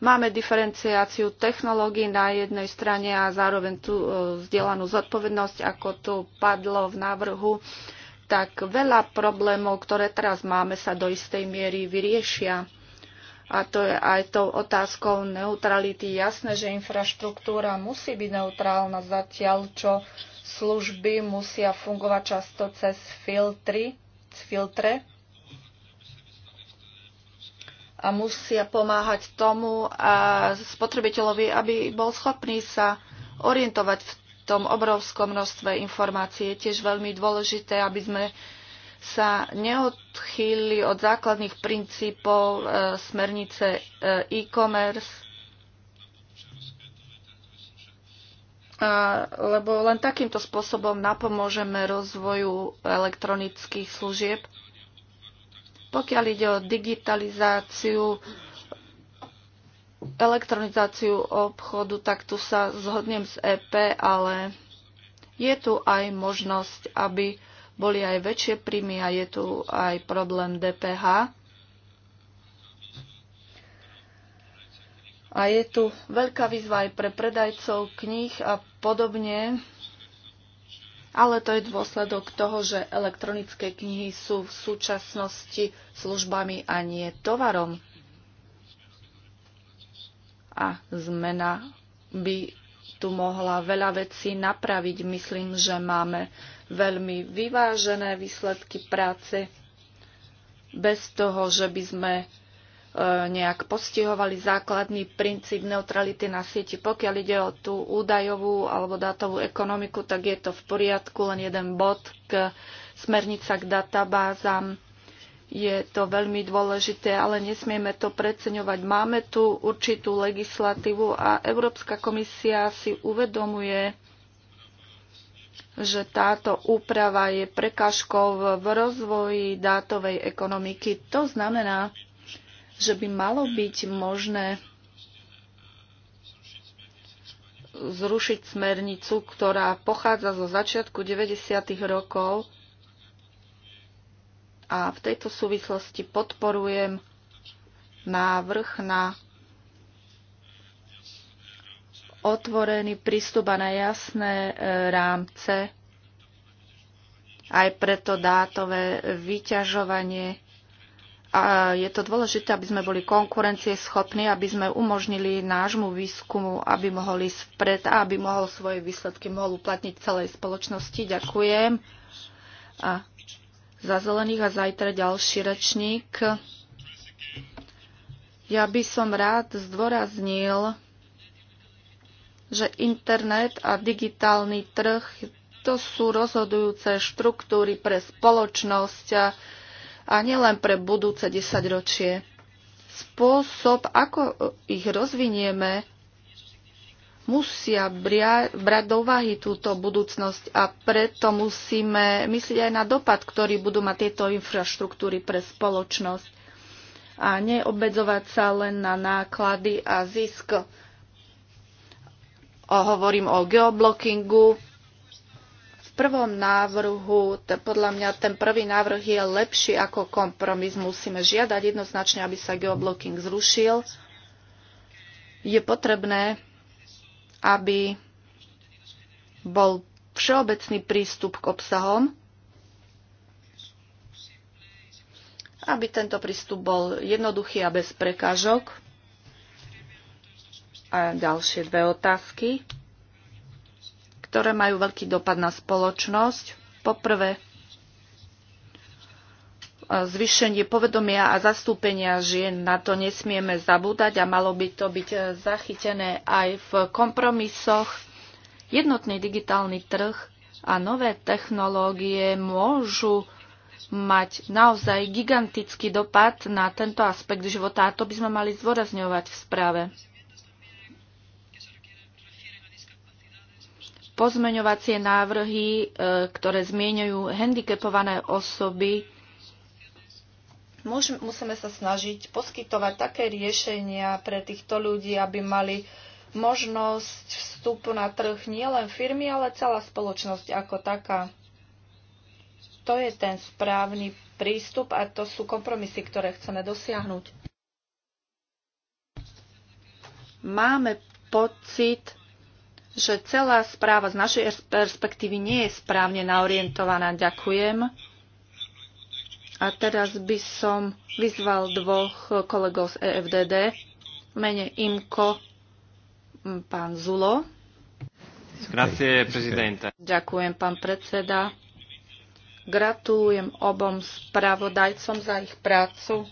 Máme diferenciáciu technológií na jednej strane a zároveň tú e, vzdielanú zodpovednosť, ako tu padlo v návrhu, tak veľa problémov, ktoré teraz máme, sa do istej miery vyriešia. A to je aj tou otázkou neutrality. Jasné, že infraštruktúra musí byť neutrálna zatiaľ, čo služby musia fungovať často cez filtry, filtre, a musia pomáhať tomu a spotrebiteľovi, aby bol schopný sa orientovať v tom obrovskom množstve informácií. Je tiež veľmi dôležité, aby sme sa neodchýli od základných princípov e, smernice e, e-commerce, a, lebo len takýmto spôsobom napomôžeme rozvoju elektronických služieb pokiaľ ide o digitalizáciu, elektronizáciu obchodu, tak tu sa zhodnem s EP, ale je tu aj možnosť, aby boli aj väčšie príjmy a je tu aj problém DPH. A je tu veľká výzva aj pre predajcov kníh a podobne ale to je dôsledok toho, že elektronické knihy sú v súčasnosti službami a nie tovarom. A zmena by tu mohla veľa vecí napraviť. Myslím, že máme veľmi vyvážené výsledky práce bez toho, že by sme nejak postihovali základný princíp neutrality na sieti. Pokiaľ ide o tú údajovú alebo dátovú ekonomiku, tak je to v poriadku, len jeden bod k smernica k databázam. Je to veľmi dôležité, ale nesmieme to preceňovať. Máme tu určitú legislatívu a Európska komisia si uvedomuje, že táto úprava je prekažkou v rozvoji dátovej ekonomiky. To znamená, že by malo byť možné zrušiť smernicu, ktorá pochádza zo začiatku 90. rokov a v tejto súvislosti podporujem návrh na otvorený prístup a na jasné e, rámce aj preto dátové vyťažovanie a je to dôležité, aby sme boli konkurencieschopní, aby sme umožnili nášmu výskumu, aby mohol ísť vpred a aby mohol svoje výsledky mohol uplatniť celej spoločnosti. Ďakujem. A za zelených a zajtra ďalší rečník. Ja by som rád zdôraznil, že internet a digitálny trh to sú rozhodujúce štruktúry pre spoločnosť a spoločnosť a nielen pre budúce desaťročie. Spôsob, ako ich rozvinieme, musia brať do úvahy túto budúcnosť a preto musíme myslieť aj na dopad, ktorý budú mať tieto infraštruktúry pre spoločnosť a neobmedzovať sa len na náklady a zisk. O, hovorím o geoblockingu, prvom návrhu, podľa mňa ten prvý návrh je lepší ako kompromis. Musíme žiadať jednoznačne, aby sa geoblocking zrušil. Je potrebné, aby bol všeobecný prístup k obsahom, aby tento prístup bol jednoduchý a bez prekážok. A ďalšie dve otázky ktoré majú veľký dopad na spoločnosť. Poprvé, e, zvýšenie povedomia a zastúpenia žien. Na to nesmieme zabúdať a malo by to byť e, zachytené aj v kompromisoch. Jednotný digitálny trh a nové technológie môžu mať naozaj gigantický dopad na tento aspekt života a to by sme mali zdôrazňovať v správe. pozmeňovacie návrhy, e, ktoré zmieňujú handicapované osoby. Musíme sa snažiť poskytovať také riešenia pre týchto ľudí, aby mali možnosť vstupu na trh nielen firmy, ale celá spoločnosť ako taká. To je ten správny prístup a to sú kompromisy, ktoré chceme dosiahnuť. Máme pocit, že celá správa z našej perspektívy nie je správne naorientovaná. Ďakujem. A teraz by som vyzval dvoch kolegov z EFDD. V mene IMKO pán Zulo. Grazie, prezidente. Ďakujem, pán predseda. Gratulujem obom spravodajcom za ich prácu.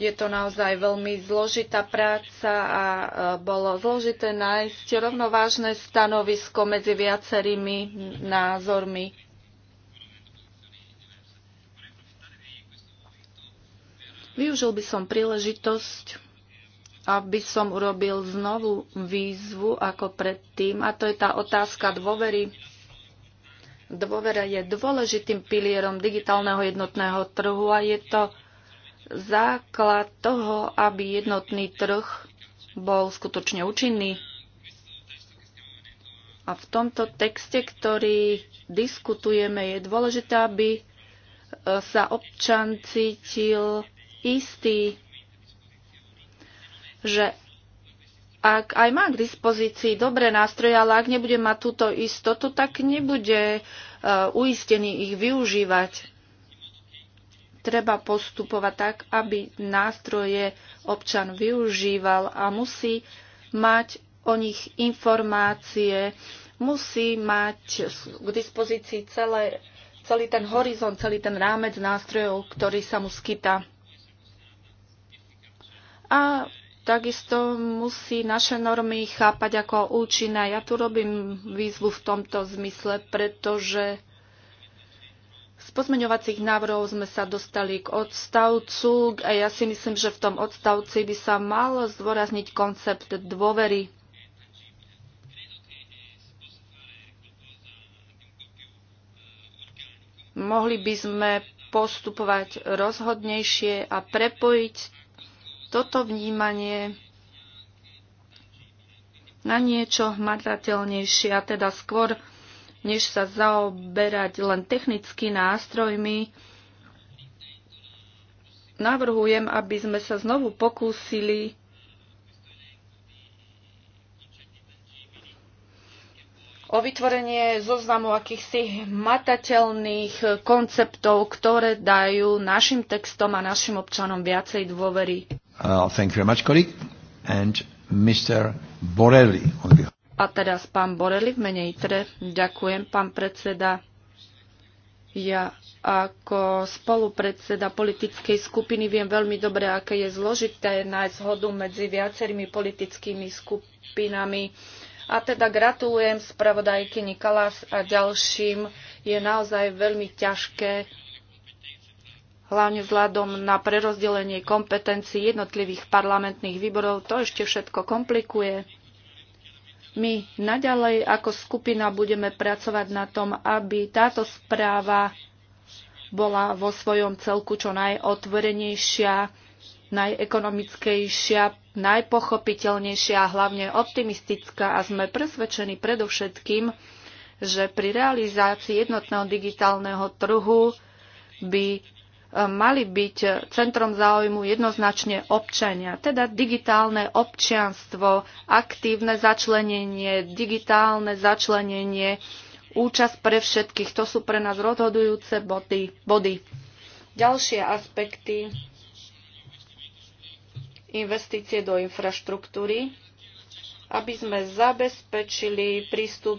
Je to naozaj veľmi zložitá práca a e, bolo zložité nájsť rovnovážne stanovisko medzi viacerými názormi. Využil by som príležitosť aby som urobil znovu výzvu ako predtým, a to je tá otázka dôvery. Dôvera je dôležitým pilierom digitálneho jednotného trhu a je to základ toho, aby jednotný trh bol skutočne účinný. A v tomto texte, ktorý diskutujeme, je dôležité, aby e, sa občan cítil istý, že ak aj má k dispozícii dobré nástroje, ale ak nebude mať túto istotu, tak nebude e, uistený ich využívať treba postupovať tak, aby nástroje občan využíval a musí mať o nich informácie, musí mať k dispozícii celé, celý ten horizont, celý ten rámec nástrojov, ktorý sa mu skytá. A takisto musí naše normy chápať ako účinné. Ja tu robím výzvu v tomto zmysle, pretože z pozmeňovacích návrhov sme sa dostali k odstavcu a ja si myslím, že v tom odstavci by sa mal zdôrazniť koncept dôvery. Mohli by sme postupovať rozhodnejšie a prepojiť toto vnímanie na niečo hmatateľnejšie a teda skôr než sa zaoberať len technickými nástrojmi, navrhujem, aby sme sa znovu pokúsili o vytvorenie zoznamu akýchsi matateľných konceptov, ktoré dajú našim textom a našim občanom viacej dôvery. Uh, thank you very much, colleague. And Mr. Borelli on behalf a teraz pán Boreli v mene ITRE. Ďakujem, pán predseda. Ja ako spolupredseda politickej skupiny viem veľmi dobre, aké je zložité nájsť zhodu medzi viacerými politickými skupinami. A teda gratulujem spravodajkyni Kalas a ďalším. Je naozaj veľmi ťažké, hlavne vzhľadom na prerozdelenie kompetencií jednotlivých parlamentných výborov. To ešte všetko komplikuje. My naďalej ako skupina budeme pracovať na tom, aby táto správa bola vo svojom celku čo najotvorenejšia, najekonomickejšia, najpochopiteľnejšia a hlavne optimistická a sme presvedčení predovšetkým, že pri realizácii jednotného digitálneho trhu by mali byť centrom záujmu jednoznačne občania, teda digitálne občianstvo, aktívne začlenenie, digitálne začlenenie, účasť pre všetkých. To sú pre nás rozhodujúce body. body. Ďalšie aspekty investície do infraštruktúry, aby sme zabezpečili prístup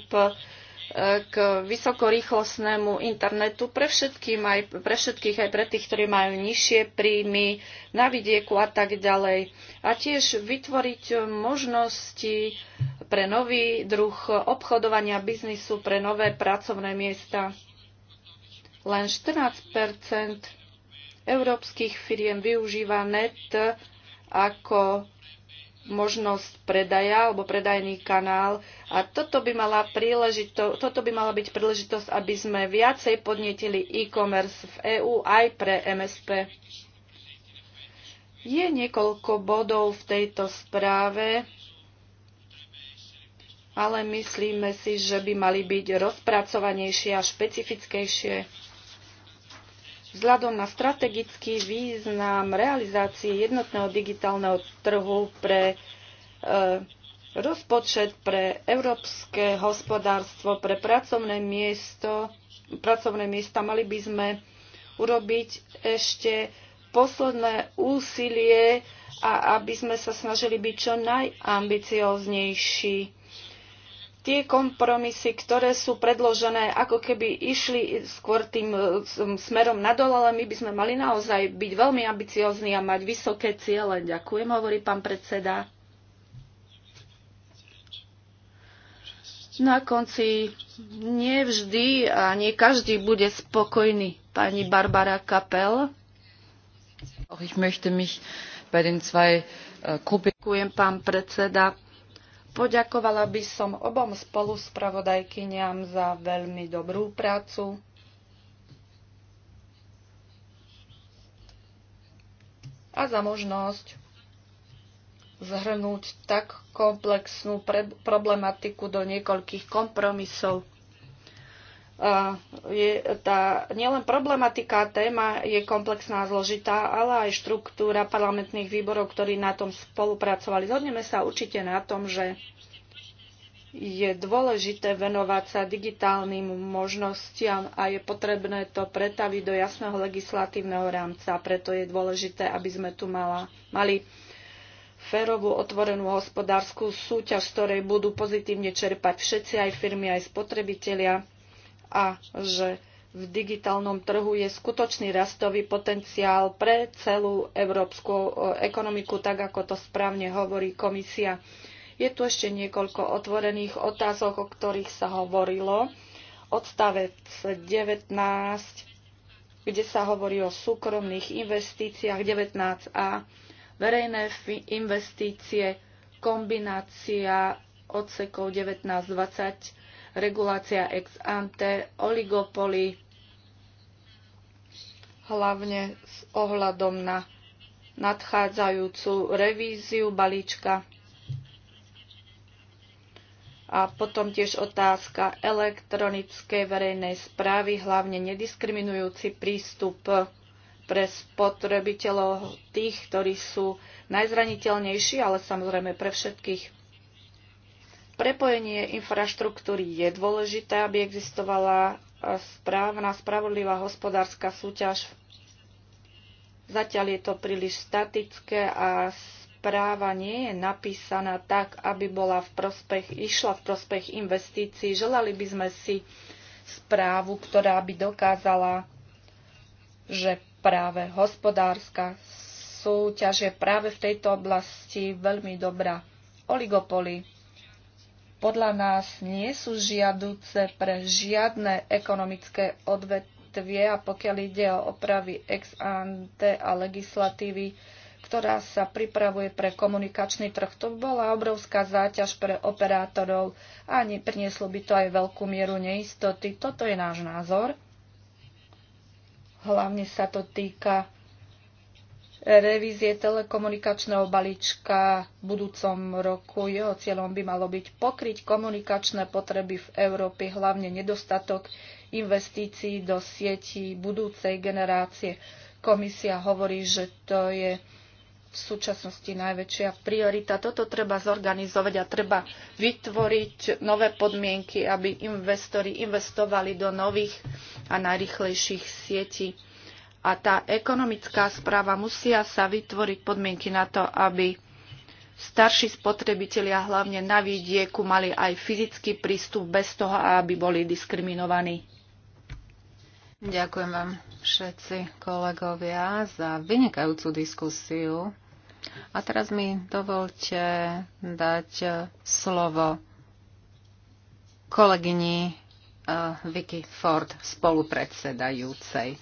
k vysokorýchlostnému internetu pre, všetkým, aj, pre všetkých, aj pre tých, ktorí majú nižšie príjmy na vidieku a tak ďalej. A tiež vytvoriť možnosti pre nový druh obchodovania biznisu, pre nové pracovné miesta. Len 14 európskych firiem využíva net ako možnosť predaja alebo predajný kanál a toto by mala, príležito, toto by mala byť príležitosť, aby sme viacej podnetili e-commerce v EÚ aj pre MSP. Je niekoľko bodov v tejto správe, ale myslíme si, že by mali byť rozpracovanejšie a špecifickejšie. Vzhľadom na strategický význam realizácie jednotného digitálneho trhu pre e, rozpočet pre európske hospodárstvo, pre pracovné, miesto, pracovné miesta, mali by sme urobiť ešte posledné úsilie a aby sme sa snažili byť čo najambicióznejší tie kompromisy, ktoré sú predložené, ako keby išli skôr tým e, smerom nadol, ale my by sme mali naozaj byť veľmi ambiciozni a mať vysoké ciele. Ďakujem, hovorí pán predseda. Na konci nevždy a nie každý bude spokojný. Pani Barbara Kapel. ich möchte mich bei den zwei äh, Ďakujem, pán predseda Poďakovala by som obom spoluspravodajkyniam za veľmi dobrú prácu. a za možnosť zhrnúť tak komplexnú problematiku do niekoľkých kompromisov. Eh, je tá nielen problematika, téma je komplexná a zložitá, ale aj štruktúra parlamentných výborov, ktorí na tom spolupracovali. Zhodneme sa určite na tom, že je dôležité venovať sa digitálnym možnostiam a je potrebné to pretaviť do jasného legislatívneho rámca. Preto je dôležité, aby sme tu mala, mali férovú otvorenú hospodárskú súťaž, z ktorej budú pozitívne čerpať všetci, aj firmy, aj spotrebitelia a že v digitálnom trhu je skutočný rastový potenciál pre celú európsku e, ekonomiku, tak ako to správne hovorí komisia. Je tu ešte niekoľko otvorených otázok, o ktorých sa hovorilo. Odstavec 19, kde sa hovorí o súkromných investíciách 19a, verejné investície, kombinácia odsekov 1920 regulácia ex ante, oligopoly, hlavne s ohľadom na nadchádzajúcu revíziu balíčka. A potom tiež otázka elektronickej verejnej správy, hlavne nediskriminujúci prístup pre spotrebiteľov tých, ktorí sú najzraniteľnejší, ale samozrejme pre všetkých. Prepojenie infraštruktúry je dôležité, aby existovala eh, správna, spravodlivá hospodárska súťaž. Zatiaľ je to príliš statické a správa nie je napísaná tak, aby bola v prospech, išla v prospech investícií. Želali by sme si správu, ktorá by dokázala, že práve hospodárska súťaž je práve v tejto oblasti veľmi dobrá. Oligopoly podľa nás nie sú žiaduce pre žiadne ekonomické odvetvie a pokiaľ ide o opravy ex ante a legislatívy, ktorá sa pripravuje pre komunikačný trh. To bola obrovská záťaž pre operátorov a prinieslo by to aj veľkú mieru neistoty. Toto je náš názor. Hlavne sa to týka revízie telekomunikačného balíčka v budúcom roku. Jeho cieľom by malo byť pokryť komunikačné potreby v Európe, hlavne nedostatok investícií do sietí budúcej generácie. Komisia hovorí, že to je v súčasnosti najväčšia priorita. Toto treba zorganizovať a treba vytvoriť nové podmienky, aby investori investovali do nových a najrychlejších sietí a tá ekonomická správa musia sa vytvoriť podmienky na to, aby starší spotrebitelia hlavne na vidieku mali aj fyzický prístup bez toho, aby boli diskriminovaní. Ďakujem vám všetci kolegovia za vynikajúcu diskusiu. A teraz mi dovolte dať eh, slovo kolegyni eh, Vicky Ford, spolupredsedajúcej.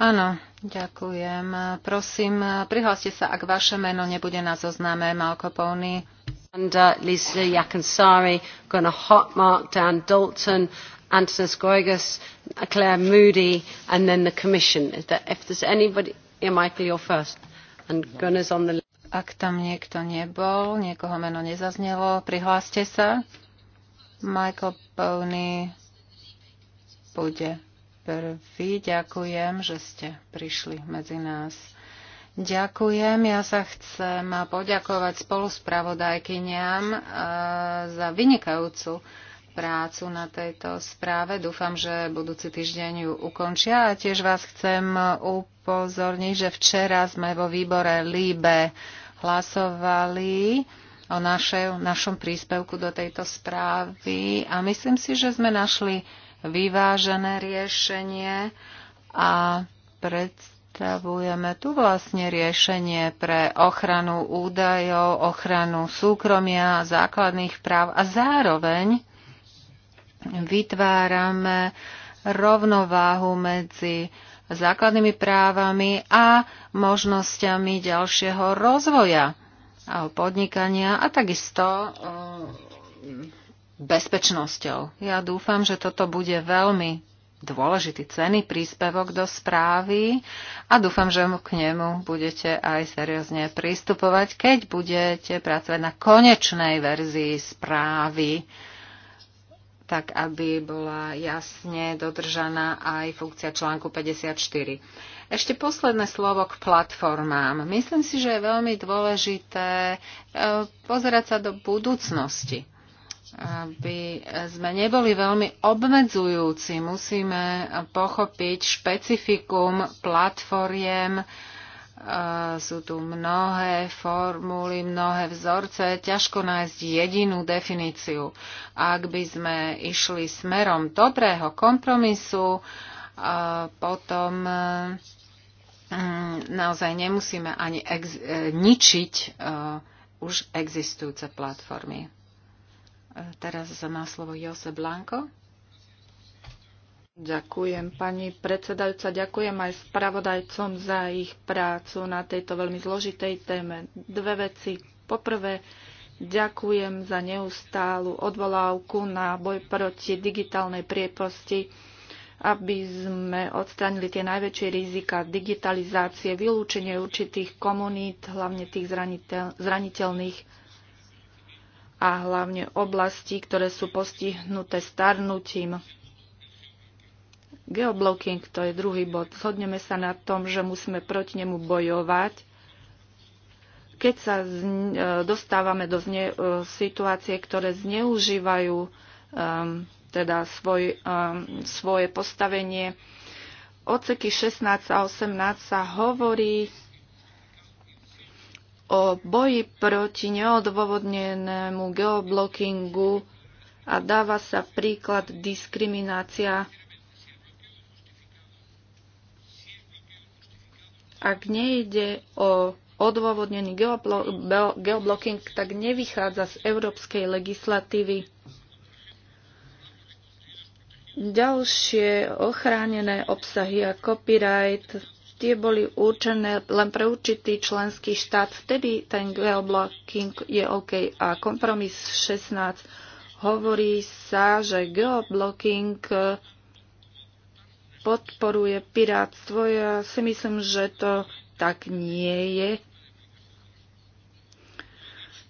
Áno, ďakujem. Prosím, prihláste sa, ak vaše meno nebude na zozname Malko And uh, Lisa Yakansari, Gunnar Hotmark, Dan Dalton, Antonis Gorgas, Claire Moody, and then the Commission. Is there, if there's anybody, yeah, Michael, you're first. And Gunnar's on the list. Ak tam niekto nebol, niekoho meno nezaznelo, prihláste sa. Michael Pony bude vy Ďakujem, že ste prišli medzi nás. Ďakujem. Ja sa chcem poďakovať spoluspravodajkyniam eh, za vynikajúcu prácu na tejto správe. Dúfam, že budúci týždeň ju ukončia. A tiež vás chcem upozorniť, že včera sme vo výbore LIBE hlasovali o našej, našom príspevku do tejto správy a myslím si, že sme našli vyvážené riešenie a predstavujeme tu vlastne riešenie pre ochranu údajov, ochranu súkromia, základných práv a zároveň vytvárame rovnováhu medzi základnými právami a možnosťami ďalšieho rozvoja a podnikania a takisto eh, bezpečnosťou. Ja dúfam, že toto bude veľmi dôležitý cený príspevok do správy a dúfam, že mu k nemu budete aj seriózne pristupovať, keď budete pracovať na konečnej verzii správy, tak aby bola jasne dodržaná aj funkcia článku 54. Ešte posledné slovo k platformám. Myslím si, že je veľmi dôležité e, pozerať sa do budúcnosti aby sme neboli veľmi obmedzujúci. Musíme pochopiť špecifikum platformiem. E, sú tu mnohé formuly, mnohé vzorce, ťažko nájsť jedinú definíciu. Ak by sme išli smerom dobrého kompromisu, e, potom e, naozaj nemusíme ani ničiť už existujúce platformy. Teraz má slovo Jose Blanco. Ďakujem, pani predsedajúca. Ďakujem aj spravodajcom za ich prácu na tejto veľmi zložitej téme. Dve veci. Poprvé, ďakujem za neustálu odvolávku na boj proti digitálnej prieposti, aby sme odstranili tie najväčšie rizika digitalizácie, vylúčenie určitých komunít, hlavne tých zraniteľ, zraniteľných a hlavne oblasti, ktoré sú postihnuté starnutím. Geoblocking to je druhý bod. Zhodneme sa na tom, že musíme proti nemu bojovať. Keď sa e, dostávame do zne, e, situácie, ktoré zneužívajú um, teda svoj, um, svoje postavenie, oceky 16 a 18 sa hovorí o boji proti neodôvodnenému geoblockingu a dáva sa príklad diskriminácia. Ak nejde o odôvodnený geoblocking, tak nevychádza z európskej legislatívy. Ďalšie ochránené obsahy a copyright tie boli určené len pre určitý členský štát. Vtedy ten geoblocking je OK. A kompromis 16 hovorí sa, že geoblocking e, podporuje pirátstvo. Ja si myslím, že to tak nie je.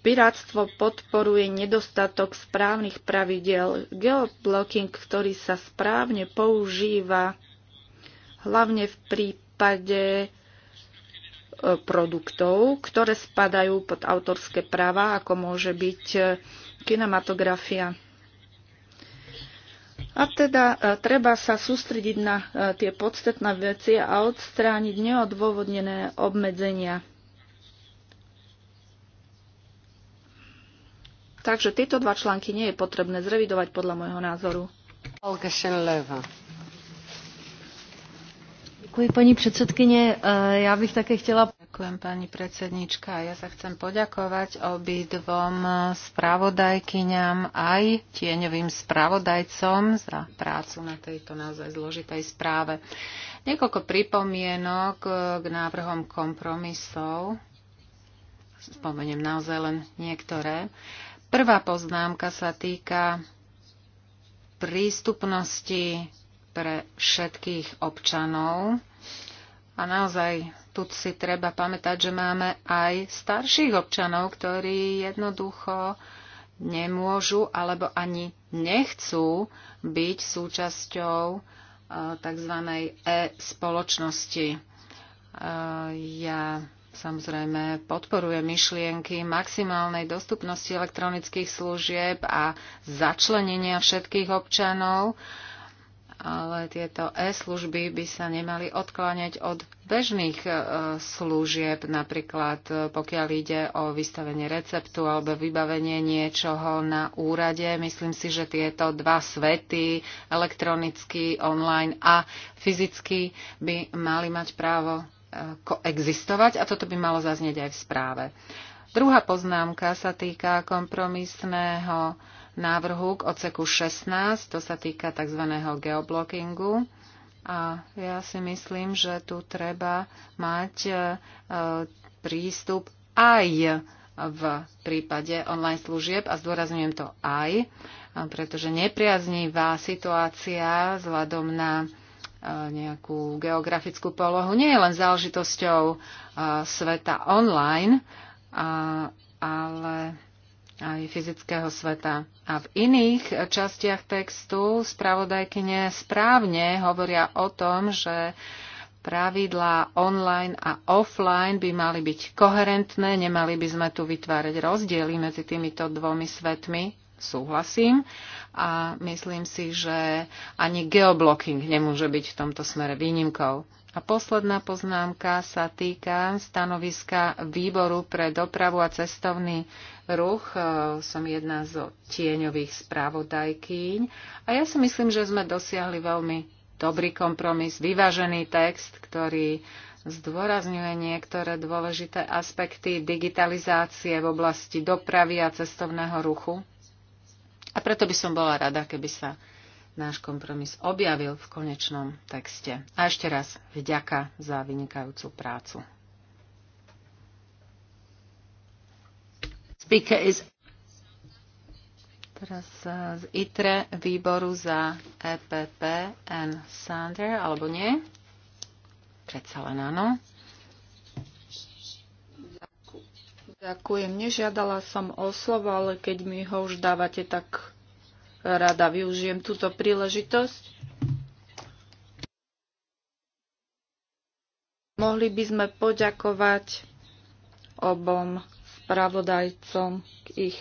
Pirátstvo podporuje nedostatok správnych pravidel. Geoblocking, ktorý sa správne používa, hlavne v prípade prípade e, produktov, ktoré spadajú pod autorské práva, ako môže byť e, kinematografia. A teda e, treba sa sústrediť na tie podstatné veci a odstrániť neodôvodnené obmedzenia. Takže tieto dva články nie je potrebné zrevidovať podľa môjho názoru. Olga Šenleva. Děkuji, pani předsedkyně. Eh, ja bych také chtěla... Ďakujem, pani predsednička. Ja sa chcem poďakovať obi dvom spravodajkyňam aj tieňovým spravodajcom za prácu na tejto naozaj zložitej správe. Niekoľko pripomienok eh, k návrhom kompromisov. Spomeniem naozaj len niektoré. Prvá poznámka sa týka prístupnosti pre všetkých občanov. A naozaj tu si treba pamätať, že máme aj starších občanov, ktorí jednoducho nemôžu alebo ani nechcú byť súčasťou e, tzv. e-spoločnosti. E, ja samozrejme podporujem myšlienky maximálnej dostupnosti elektronických služieb a začlenenia všetkých občanov ale tieto e-služby by sa nemali odkláňať od bežných e, služieb, napríklad e, pokiaľ ide o vystavenie receptu alebo vybavenie niečoho na úrade. Myslím si, že tieto dva svety, elektronický, online a fyzicky, by mali mať právo e, koexistovať a toto by malo zaznieť aj v správe. Druhá poznámka sa týka kompromisného návrhu k odseku 16, to sa týka tzv. geoblockingu. A ja si myslím, že tu treba mať e, prístup aj v prípade online služieb a zdôrazňujem to aj, e, pretože nepriaznivá situácia vzhľadom na e, nejakú geografickú polohu nie je len záležitosťou sveta online, ale aj fyzického sveta. A v iných častiach textu spravodajkyne správne hovoria o tom, že pravidlá online a offline by mali byť koherentné, nemali by sme tu vytvárať rozdiely medzi týmito dvomi svetmi. Súhlasím a myslím si, že ani geoblocking nemôže byť v tomto smere výnimkou. A posledná poznámka sa týka stanoviska výboru pre dopravu a cestovný ruch. E, som jedna z tieňových správodajkýň. A ja si myslím, že sme dosiahli veľmi dobrý kompromis, vyvážený text, ktorý zdôrazňuje niektoré dôležité aspekty digitalizácie v oblasti dopravy a cestovného ruchu. A preto by som bola rada, keby sa náš kompromis objavil v konečnom texte. A ešte raz vďaka za vynikajúcu prácu. Teraz eh, z ITRE výboru za EPP and Sander, alebo nie? Predsa len áno. Ďakujem. Nežiadala som o slovo, ale keď mi ho už dávate, tak rada využijem túto príležitosť. Mohli by sme poďakovať obom spravodajcom k ich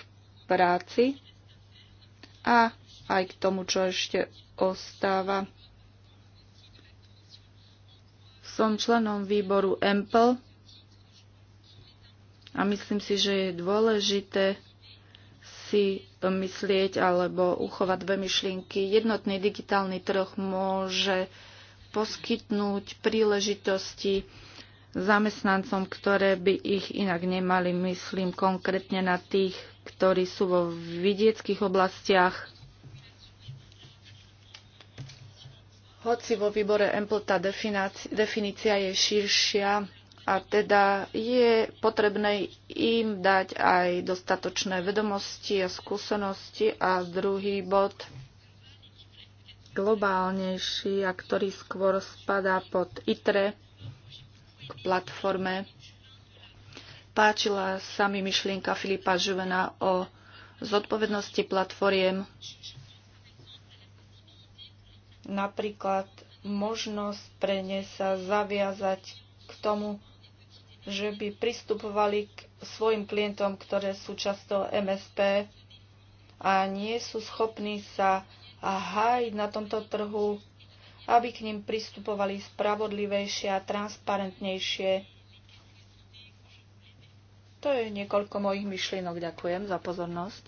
práci a aj k tomu, čo ešte ostáva. Som členom výboru EMPL a myslím si, že je dôležité si myslieť alebo uchovať dve myšlienky. Jednotný digitálny trh môže poskytnúť príležitosti zamestnancom, ktoré by ich inak nemali. Myslím konkrétne na tých, ktorí sú vo vidieckých oblastiach. Hoci vo výbore EMPL tá definícia je širšia, a teda je potrebné im dať aj dostatočné vedomosti a skúsenosti. A druhý bod, globálnejší a ktorý skôr spadá pod ITRE k platforme. Páčila sa mi myšlienka Filipa Žuvena o zodpovednosti platformiem. Napríklad možnosť pre ne sa zaviazať k tomu, že by pristupovali k svojim klientom, ktoré sú často MSP a nie sú schopní sa hájiť na tomto trhu, aby k ním pristupovali spravodlivejšie a transparentnejšie. To je niekoľko mojich myšlienok. Ďakujem za pozornosť.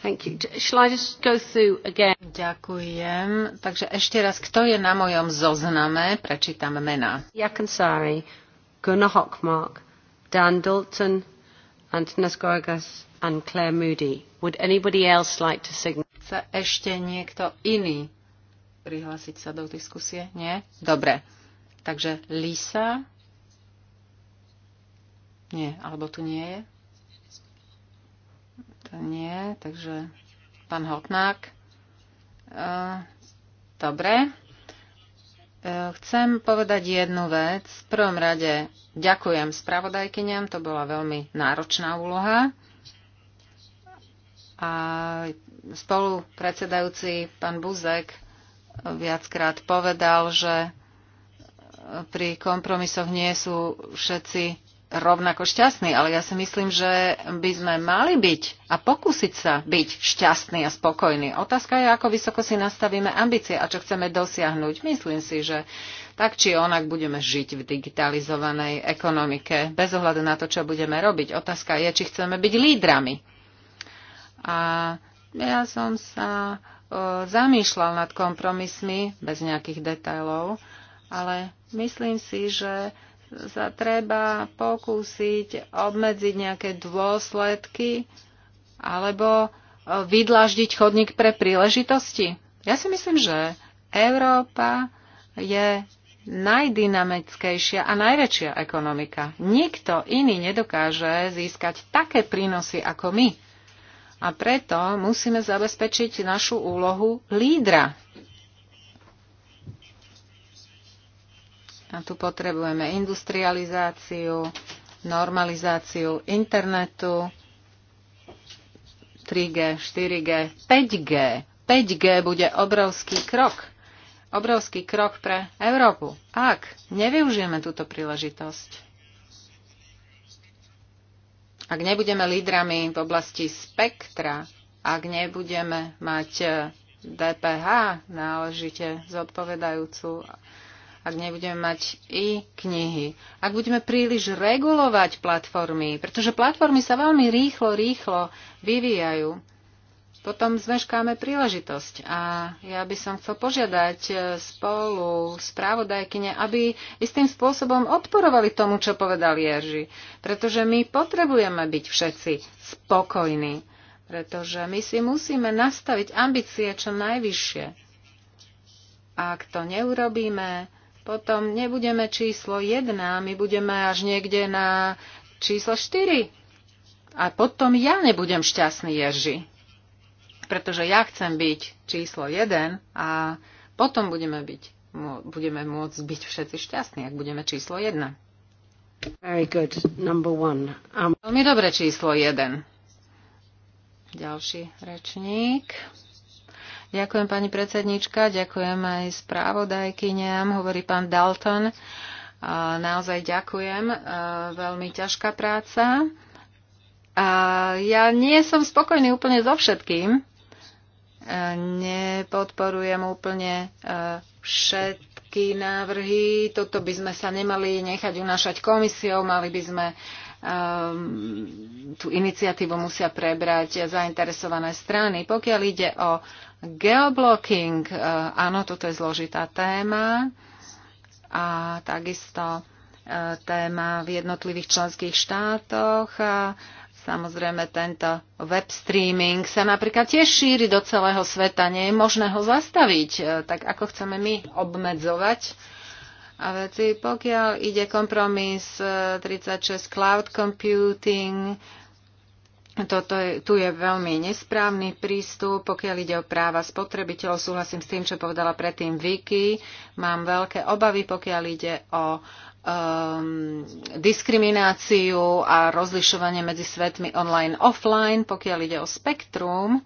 Thank you. Shall I just go through again? Ďakujem. Takže ešte raz, kto je na mojom zozname? Prečítam mená. Jakansari, Gunnar Hockmark, Dan Dalton, Antonis Gorgas, and Claire Moody. Would anybody else like to signal? Chce ešte niekto iný prihlásiť sa do diskusie? Nie? Dobre. Takže Lisa. Nie, alebo tu nie je. To nie, takže pán Holknák. Uh, e, dobre. Eh, chcem povedať jednu vec. V prvom rade ďakujem spravodajkyniam, to bola veľmi náročná úloha. A spolu predsedajúci pán Buzek viackrát povedal, že pri kompromisoch nie sú všetci rovnako šťastní, ale ja si myslím, že by sme mali byť a pokúsiť sa byť šťastní a spokojní. Otázka je, ako vysoko si nastavíme ambície a čo chceme dosiahnuť. Myslím si, že tak či onak budeme žiť v digitalizovanej ekonomike, bez ohľadu na to, čo budeme robiť. Otázka je, či chceme byť lídrami. A ja som sa zamýšľal nad kompromismi, bez nejakých detailov, ale myslím si, že sa treba pokúsiť obmedziť nejaké dôsledky alebo e, vydláždiť chodník pre príležitosti. Ja si myslím, že Európa je najdynamickejšia a najväčšia ekonomika. Nikto iný nedokáže získať také prínosy ako my. A preto musíme zabezpečiť našu úlohu lídra A tu potrebujeme industrializáciu, normalizáciu internetu, 3G, 4G, 5G. 5G bude obrovský krok. Obrovský krok pre Európu. Ak nevyužijeme túto príležitosť, ak nebudeme lídrami v oblasti spektra, ak nebudeme mať DPH náležite zodpovedajúcu ak nebudeme mať i knihy, ak budeme príliš regulovať platformy, pretože platformy sa veľmi rýchlo, rýchlo vyvíjajú, potom zmeškáme príležitosť. A ja by som chcel požiadať eh, spolu správodajkyne, aby istým spôsobom odporovali tomu, čo povedal Ježi. Pretože my potrebujeme byť všetci spokojní. Pretože my si musíme nastaviť ambície čo najvyššie. A ak to neurobíme, potom nebudeme číslo 1, my budeme až niekde na číslo 4. A potom ja nebudem šťastný Ježi, pretože ja chcem byť číslo 1 a potom budeme, byť, budeme môcť byť všetci šťastní, ak budeme číslo 1. Very good. Number one. Um... Veľmi dobre číslo 1. Ďalší rečník. Ďakujem pani predsednička, ďakujem aj správodajkyniam, hovorí pán Dalton. Naozaj ďakujem, veľmi ťažká práca. ja nie som spokojný úplne so všetkým. Nepodporujem úplne e, všetky návrhy. Toto by sme sa nemali nechať unášať komisiou, mali by sme um, tú iniciatívu musia prebrať zainteresované strany. Pokiaľ ide o Geoblocking, e, áno, toto je zložitá téma a takisto e, téma v jednotlivých členských štátoch a Samozrejme, tento web streaming sa napríklad tiež šíri do celého sveta. Nie je možné ho zastaviť, e, tak ako chceme my obmedzovať a veci. Pokiaľ ide kompromis 36 cloud computing, toto je, tu je veľmi nesprávny prístup, pokiaľ ide o práva spotrebiteľov. Súhlasím s tým, čo povedala predtým Vicky. Mám veľké obavy, pokiaľ ide o um, diskrimináciu a rozlišovanie medzi svetmi online offline, pokiaľ ide o spektrum.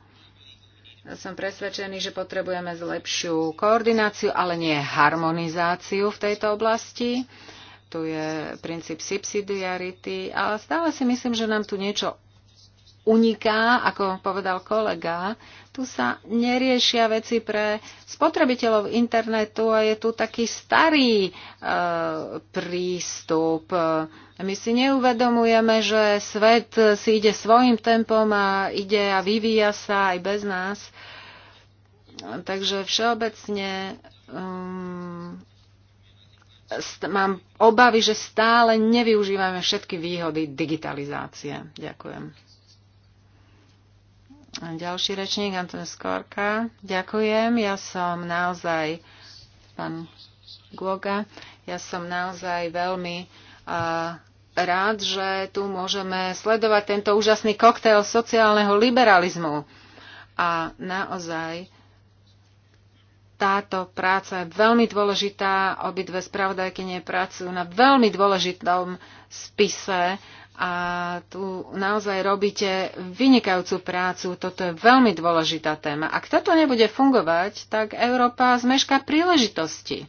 Som presvedčený, že potrebujeme zlepšiu koordináciu, ale nie harmonizáciu v tejto oblasti tu je princíp subsidiarity, ale stále si myslím, že nám tu niečo uniká, ako povedal kolega. Tu sa neriešia veci pre spotrebiteľov internetu a je tu taký starý e, prístup. My si neuvedomujeme, že svet si ide svojim tempom a ide a vyvíja sa aj bez nás. Takže všeobecne um, mám obavy, že stále nevyužívame všetky výhody digitalizácie. Ďakujem. Ďalší rečník, Anton Skorka. Ďakujem. Ja som naozaj, pán Gloga, ja som naozaj veľmi uh, rád, že tu môžeme sledovať tento úžasný koktail sociálneho liberalizmu. A naozaj táto práca je veľmi dôležitá. Obidve spravodajkynie pracujú na veľmi dôležitom spise a tu naozaj robíte vynikajúcu prácu. Toto je veľmi dôležitá téma. Ak toto nebude fungovať, tak Európa zmešká príležitosti.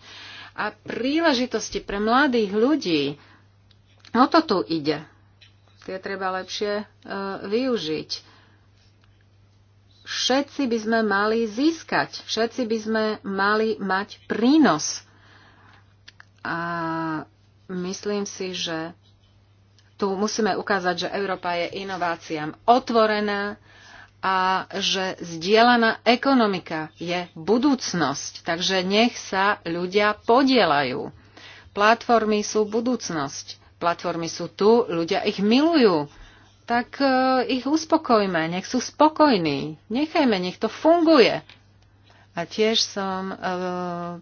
A príležitosti pre mladých ľudí, o to tu ide. Tie treba lepšie e, využiť. Všetci by sme mali získať, všetci by sme mali mať prínos. A myslím si, že tu musíme ukázať, že Európa je inováciám otvorená a že zdieľaná ekonomika je budúcnosť. Takže nech sa ľudia podielajú. Platformy sú budúcnosť. Platformy sú tu, ľudia ich milujú. Tak eh, ich uspokojme, nech sú spokojní. Nechajme, nech to funguje. A tiež som e,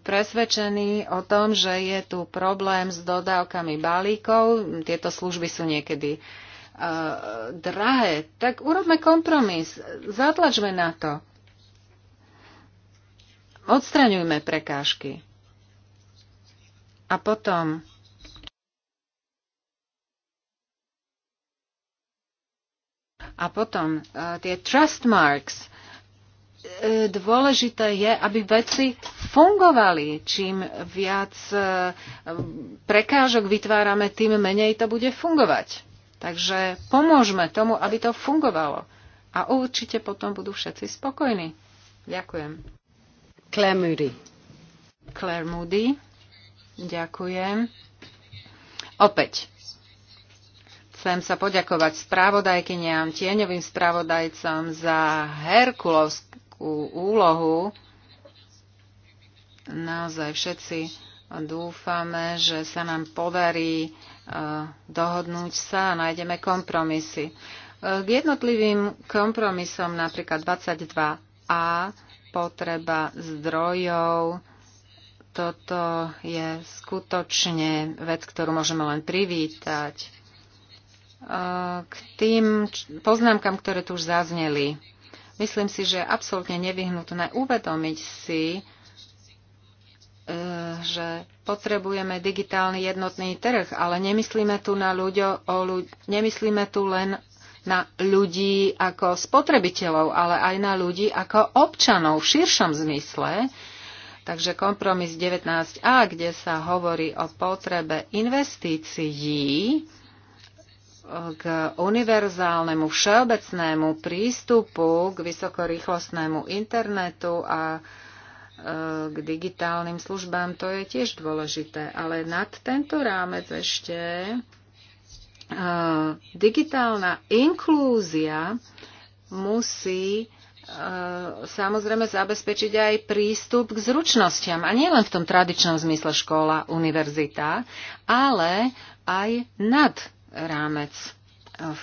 presvedčený o tom, že je tu problém s dodávkami balíkov. Tieto služby sú niekedy e, drahé. Tak urobme kompromis. Zatlačme na to. Odstraňujme prekážky. A potom A potom e, tie trust marks, E, dôležité je, aby veci fungovali. Čím viac e, prekážok vytvárame, tým menej to bude fungovať. Takže pomôžme tomu, aby to fungovalo. A určite potom budú všetci spokojní. Ďakujem. Claire Moody. Claire Moody. Ďakujem. Opäť chcem sa poďakovať správodajkyniam, tieňovým správodajcom za Herkulovskú úlohu. Naozaj všetci dúfame, že sa nám podarí e, dohodnúť sa a nájdeme kompromisy. E, k jednotlivým kompromisom napríklad 22a potreba zdrojov, toto je skutočne vec, ktorú môžeme len privítať. E, k tým poznámkam, ktoré tu už zazneli. Myslím si, že je absolútne nevyhnutné uvedomiť si, e, že potrebujeme digitálny jednotný trh, ale nemyslíme tu, na ľuďo, o ľuď, nemyslíme tu len na ľudí ako spotrebiteľov, ale aj na ľudí ako občanov v širšom zmysle. Takže kompromis 19a, kde sa hovorí o potrebe investícií, k univerzálnemu všeobecnému prístupu k vysokorýchlostnému internetu a e, k digitálnym službám, to je tiež dôležité. Ale nad tento rámec ešte e, digitálna inklúzia musí e, samozrejme zabezpečiť aj prístup k zručnostiam. A nie len v tom tradičnom zmysle škola, univerzita, ale aj nad rámec e,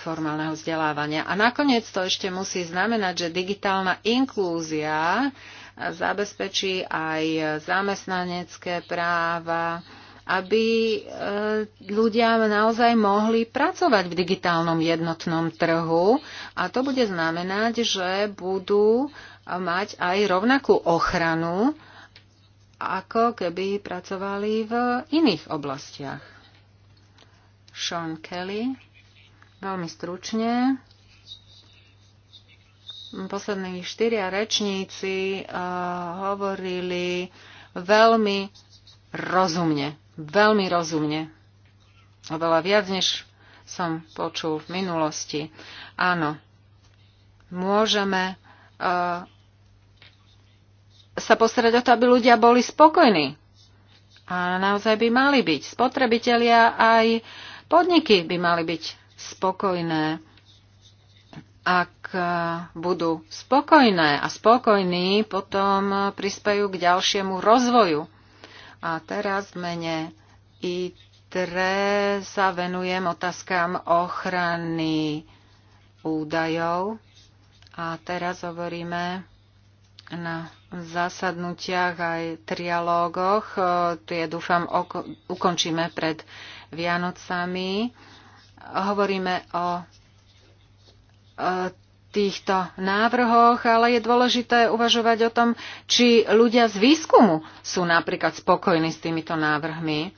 formálneho vzdelávania. A nakoniec to ešte musí znamenať, že digitálna inklúzia zabezpečí aj zamestnanecké práva, aby e, ľudia naozaj mohli pracovať v digitálnom jednotnom trhu a to bude znamenať, že budú mať aj rovnakú ochranu, ako keby pracovali v iných oblastiach. Sean Kelly. Veľmi stručne. Poslední štyria rečníci uh, hovorili veľmi rozumne. Veľmi rozumne. Oveľa viac, než som počul v minulosti. Áno, môžeme uh, sa postarať o to, aby ľudia boli spokojní. A naozaj by mali byť. Spotrebitelia aj uh, Podniky by mali byť spokojné. Ak e, budú spokojné a spokojní, potom e, prispejú k ďalšiemu rozvoju. A teraz v mene ITRE sa venujem otázkam ochrany údajov. A teraz hovoríme na zasadnutiach aj trialógoch. E, je dúfam ukončíme pred Vianocami. Hovoríme o e, týchto návrhoch, ale je dôležité uvažovať o tom, či ľudia z výskumu sú napríklad spokojní s týmito návrhmi,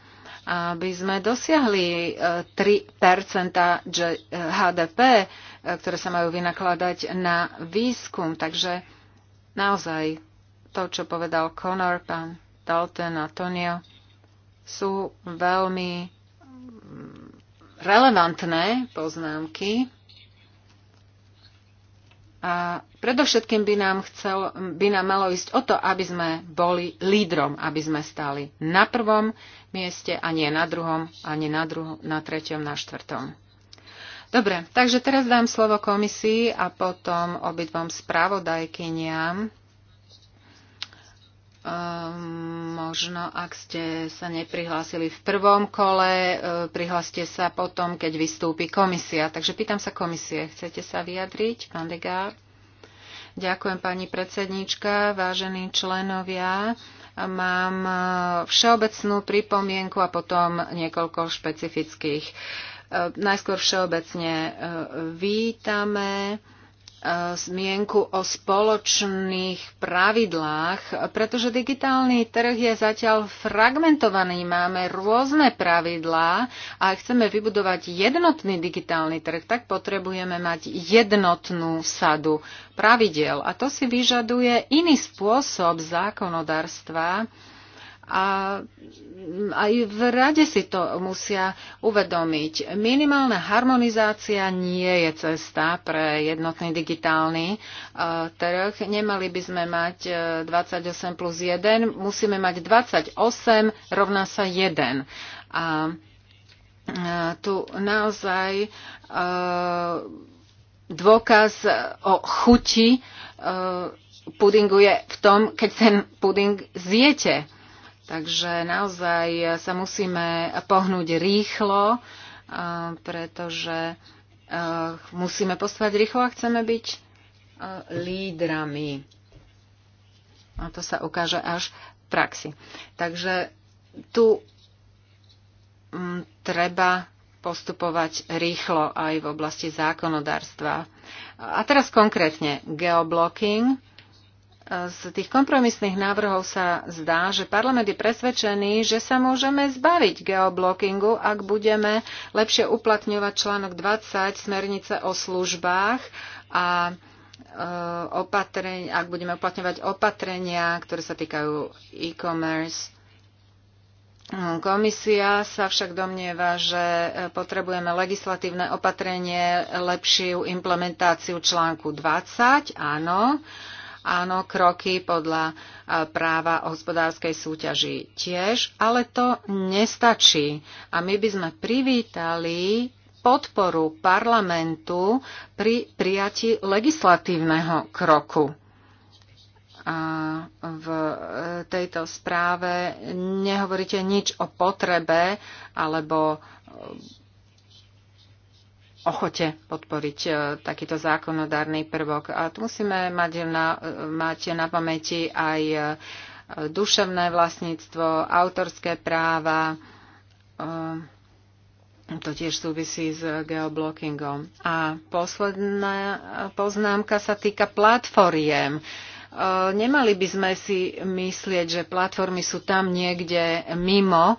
aby sme dosiahli 3 e, e, HDP, ktoré sa majú vynakladať na výskum. Takže naozaj to, čo povedal Connor, pán Dalton a Tonio, sú veľmi relevantné poznámky. A predovšetkým by nám, chcel, by nám malo ísť o to, aby sme boli lídrom, aby sme stali na prvom mieste a nie na druhom, ani na, druhom, na treťom, na štvrtom. Dobre, takže teraz dám slovo komisii a potom obidvom spravodajkyniam Ehm, možno ak ste sa neprihlásili v prvom kole, eh, prihláste sa potom, keď vystúpi komisia. Takže pýtam sa komisie, chcete sa vyjadriť, pán Degár? Ďakujem, pani predsednička, vážení členovia. Mám eh, všeobecnú pripomienku a potom niekoľko špecifických. Eh, najskôr všeobecne vítame zmienku o spoločných pravidlách, pretože digitálny trh je zatiaľ fragmentovaný. Máme rôzne pravidlá a ak chceme vybudovať jednotný digitálny trh, tak potrebujeme mať jednotnú sadu pravidel. A to si vyžaduje iný spôsob zákonodárstva, a aj v rade si to musia uvedomiť. Minimálna harmonizácia nie je cesta pre jednotný digitálny e, trh. Nemali by sme mať 28 e, plus 1, musíme mať 28 rovná sa 1. A e, tu naozaj dôkaz o chuti pudingu je v tom, keď ten puding zjete. Takže naozaj sa musíme pohnúť rýchlo, pretože musíme postavať rýchlo a chceme byť lídrami. A to sa ukáže až v praxi. Takže tu treba postupovať rýchlo aj v oblasti zákonodárstva. A teraz konkrétne geoblocking z tých kompromisných návrhov sa zdá, že parlament je presvedčený, že sa môžeme zbaviť geoblockingu, ak budeme lepšie uplatňovať článok 20 smernice o službách a e, opatrenia, ak budeme uplatňovať opatrenia, ktoré sa týkajú e-commerce. Komisia sa však domnieva, že potrebujeme legislatívne opatrenie, lepšiu implementáciu článku 20, áno, Áno, kroky podľa e, práva o hospodárskej súťaži tiež, ale to nestačí. A my by sme privítali podporu parlamentu pri prijati legislatívneho kroku. A v e, tejto správe nehovoríte nič o potrebe alebo ochote podporiť e, takýto zákonodárny prvok. A tu musíme mať na, e, mať na pamäti aj e, duševné vlastníctvo, autorské práva. To tiež súvisí s geoblockingom. A posledná poznámka sa týka platformiem nemali by sme si myslieť, že platformy sú tam niekde mimo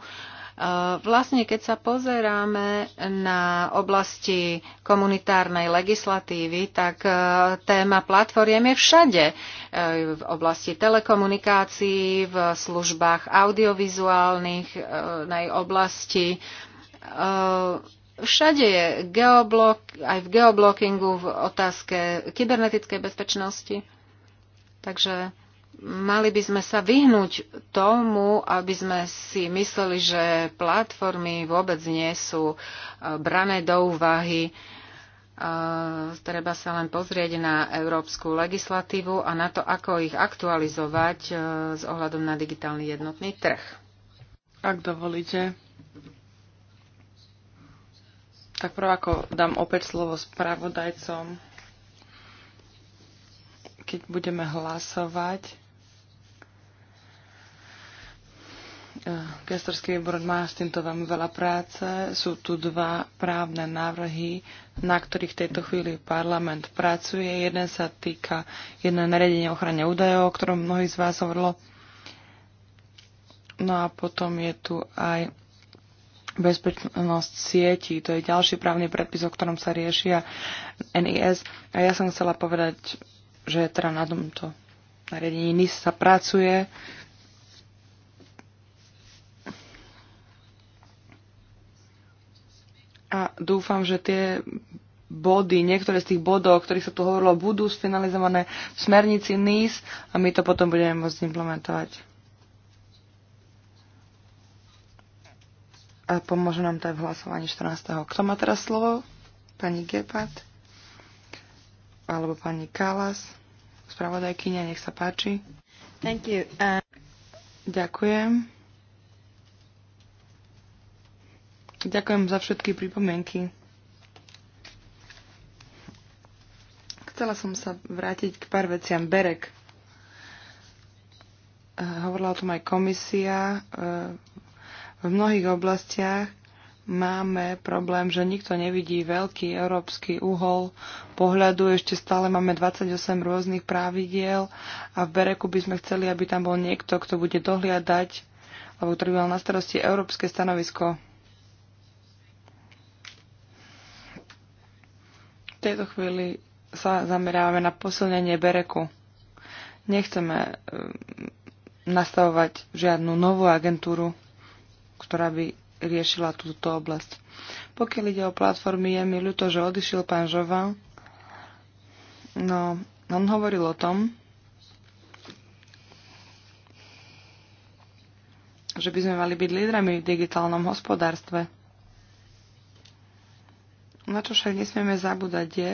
Eh, vlastne, keď sa pozeráme na oblasti komunitárnej legislatívy, tak eh, téma platformiem je všade. Eh, v oblasti telekomunikácií, v službách audiovizuálnych, na jej oblasti. Všade je geoblok, aj v geoblockingu, v otázke kybernetickej bezpečnosti. Takže Mali by sme sa vyhnúť tomu, aby sme si mysleli, že platformy vôbec nie sú e, brané do úvahy. E, treba sa len pozrieť na európsku legislatívu a na to, ako ich aktualizovať e, s ohľadom na digitálny jednotný trh. Ak dovolíte, tak prv ako dám opäť slovo spravodajcom, keď budeme hlasovať, Eh, gestorský výbor má s týmto veľmi veľa práce. Sú tu dva právne návrhy, na ktorých v tejto chvíli parlament pracuje. Jeden sa týka jedné nariadenie ochrane údajov, o ktorom mnohí z vás hovorilo. No a potom je tu aj bezpečnosť sietí. To je ďalší právny predpis, o ktorom sa riešia NIS. A ja som chcela povedať, že teda na tomto nariadení NIS sa pracuje. A dúfam, že tie body, niektoré z tých bodov, o ktorých sa tu hovorilo, budú sfinalizované v smernici NIS a my to potom budeme môcť implementovať. A pomôže nám to aj v hlasovaní 14. Kto má teraz slovo? Pani Gepard? Alebo pani Kalas? Spravodajkynia, nech sa páči. Thank you. Uh... Ďakujem. Ďakujem za všetky pripomienky. Chcela som sa vrátiť k pár veciam. Berek. E, hovorila o tom aj komisia. E, v mnohých oblastiach máme problém, že nikto nevidí veľký európsky uhol pohľadu. Ešte stále máme 28 rôznych právidiel a v Bereku by sme chceli, aby tam bol niekto, kto bude dohliadať, alebo ktorý mal na starosti európske stanovisko tejto chvíli sa zamerávame na posilnenie Bereku. Nechceme eh, nastavovať žiadnu novú agentúru, ktorá by riešila túto oblasť. Pokiaľ ide o platformy, je mi ľúto, že odišiel pán Žova. No, on hovoril o tom, že by sme mali byť lídrami v digitálnom hospodárstve. Na čo však nesmieme zabúdať je,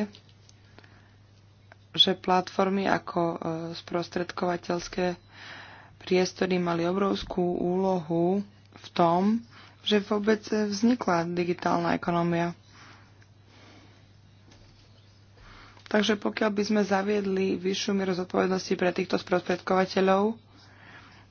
že platformy ako e, sprostredkovateľské priestory mali obrovskú úlohu v tom, že vôbec vznikla digitálna ekonomia. Takže pokiaľ by sme zaviedli vyššiu mieru zodpovednosti pre týchto sprostredkovateľov,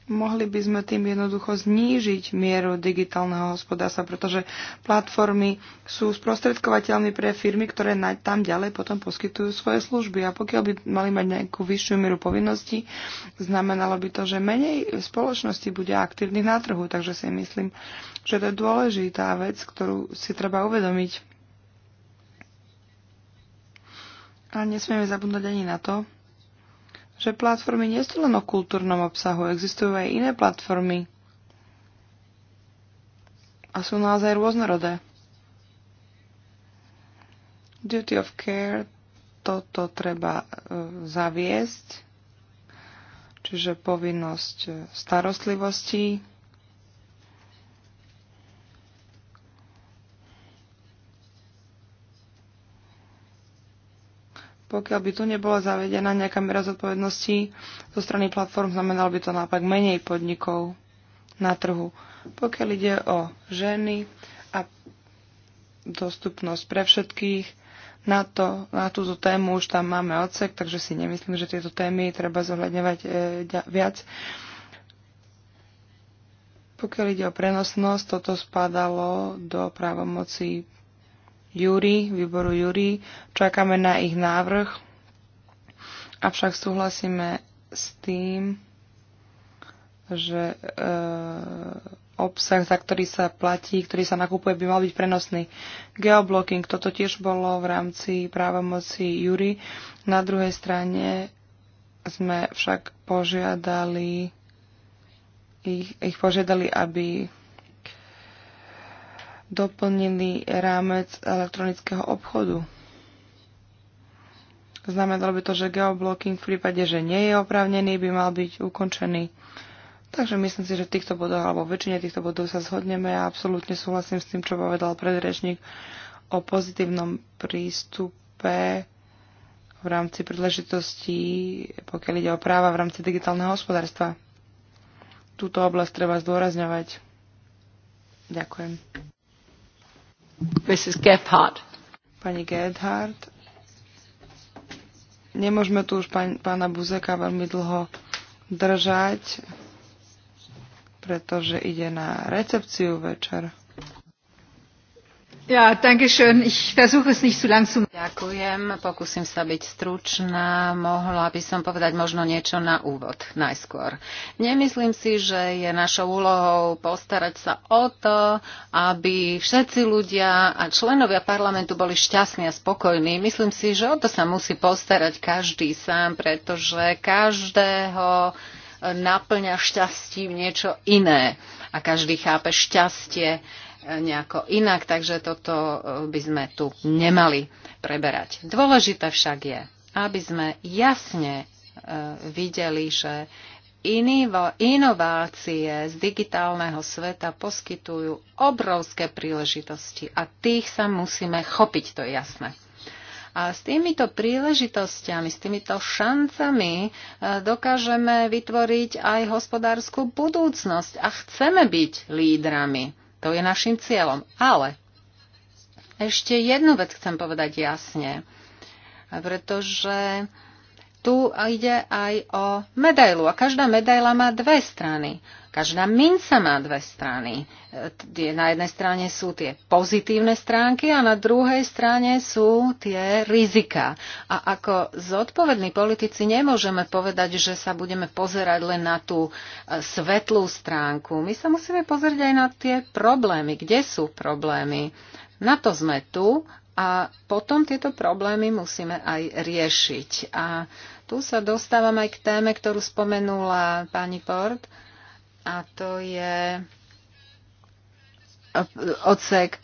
mohli by sme tým jednoducho znížiť mieru digitálneho hospodárstva, pretože platformy sú sprostredkovateľmi pre firmy, ktoré tam ďalej potom poskytujú svoje služby. A pokiaľ by mali mať nejakú vyššiu mieru povinností, znamenalo by to, že menej spoločnosti bude aktívnych na trhu. Takže si myslím, že to je dôležitá vec, ktorú si treba uvedomiť. A nesmieme zabudnúť ani na to, že platformy nie sú len o kultúrnom obsahu, existujú aj iné platformy a sú naozaj rôznorodé. Duty of care, toto treba e, zaviesť, čiže povinnosť e, starostlivosti, Pokiaľ by tu nebola zavedená nejaká miera zodpovednosti zo strany platform, znamenalo by to naopak menej podnikov na trhu. Pokiaľ ide o ženy a dostupnosť pre všetkých, na, to, na túto tému už tam máme odsek, takže si nemyslím, že tieto témy treba zohľadňovať e, viac. Pokiaľ ide o prenosnosť, toto spadalo do právomoci Júri, výboru Júri. Čakáme na ich návrh, avšak súhlasíme s tým, že e, obsah, za ktorý sa platí, ktorý sa nakupuje, by mal byť prenosný. Geoblocking, toto tiež bolo v rámci právomoci Júri. Na druhej strane sme však požiadali ich, ich požiadali, aby doplnili rámec elektronického obchodu. Znamenalo by to, že geoblocking v prípade, že nie je oprávnený, by mal byť ukončený. Takže myslím si, že v týchto bodoch, alebo väčšine týchto bodov sa zhodneme a absolútne súhlasím s tým, čo povedal predrečník o pozitívnom prístupe v rámci príležitostí, pokiaľ ide o práva v rámci digitálneho hospodárstva. Túto oblasť treba zdôrazňovať. Ďakujem. Mrs. Gephardt. Pani Gebhardt. Nemôžeme tu už pán, pána Buzeka veľmi dlho držať, pretože ide na recepciu večer. Ja, Ďakujem, pokúsim sa byť stručná. Mohla by som povedať možno niečo na úvod najskôr. Nemyslím si, že je našou úlohou postarať sa o to, aby všetci ľudia a členovia parlamentu boli šťastní a spokojní. Myslím si, že o to sa musí postarať každý sám, pretože každého naplňa šťastím niečo iné a každý chápe šťastie nejako inak, takže toto e, by sme tu nemali preberať. Dôležité však je, aby sme jasne e, videli, že inovácie z digitálneho sveta poskytujú obrovské príležitosti a tých sa musíme chopiť, to je jasné. A s týmito príležitostiami, s týmito šancami e, dokážeme vytvoriť aj hospodárskú budúcnosť a chceme byť lídrami. To je našim cieľom. Ale ešte jednu vec chcem povedať jasne, pretože tu ide aj o medailu. A každá medaila má dve strany. Každá minca má dve strany. E, na jednej strane sú tie pozitívne stránky a na druhej strane sú tie rizika. A ako zodpovední politici nemôžeme povedať, že sa budeme pozerať len na tú e, svetlú stránku. My sa musíme pozrieť aj na tie problémy. Kde sú problémy? Na to sme tu, a potom tieto problémy musíme aj riešiť. A tu sa dostávam aj k téme, ktorú spomenula pani Port, a to je odsek,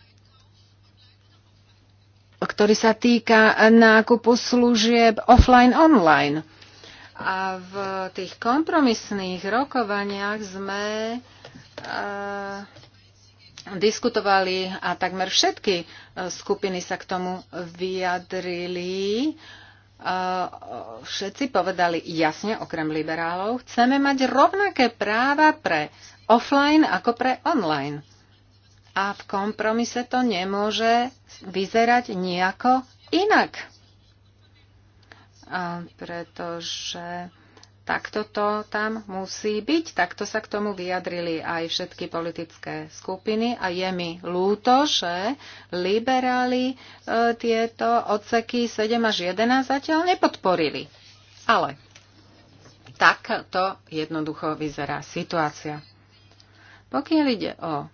ktorý sa týka nákupu služieb offline-online. A v tých kompromisných rokovaniach sme uh, diskutovali a takmer všetky e, skupiny sa k tomu vyjadrili. E, všetci povedali jasne, okrem liberálov, chceme mať rovnaké práva pre offline ako pre online. A v kompromise to nemôže vyzerať nejako inak. A pretože takto to tam musí byť. Takto sa k tomu vyjadrili aj všetky politické skupiny a je mi lúto, že liberáli e, tieto odseky 7 až 11 zatiaľ nepodporili. Ale tak to jednoducho vyzerá situácia. Pokiaľ ide o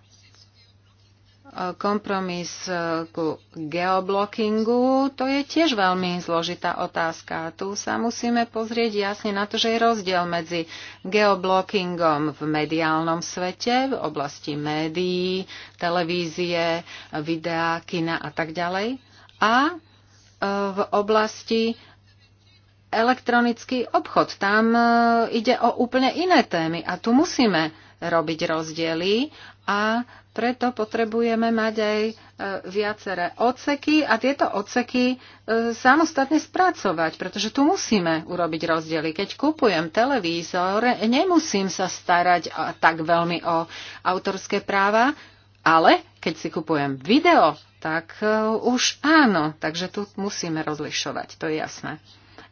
kompromis e, ku geoblockingu, to je tiež veľmi zložitá otázka. Tu sa musíme pozrieť jasne na to, že je rozdiel medzi geoblockingom v mediálnom svete, v oblasti médií, televízie, videa, kina a tak ďalej, a e, v oblasti elektronický obchod. Tam e, ide o úplne iné témy a tu musíme robiť rozdiely a preto potrebujeme mať aj e, viaceré odseky a tieto odseky e, samostatne spracovať, pretože tu musíme urobiť rozdiely. Keď kupujem televízor, nemusím sa starať tak veľmi o autorské práva, ale keď si kupujem video, tak e, už áno, takže tu musíme rozlišovať, to je jasné.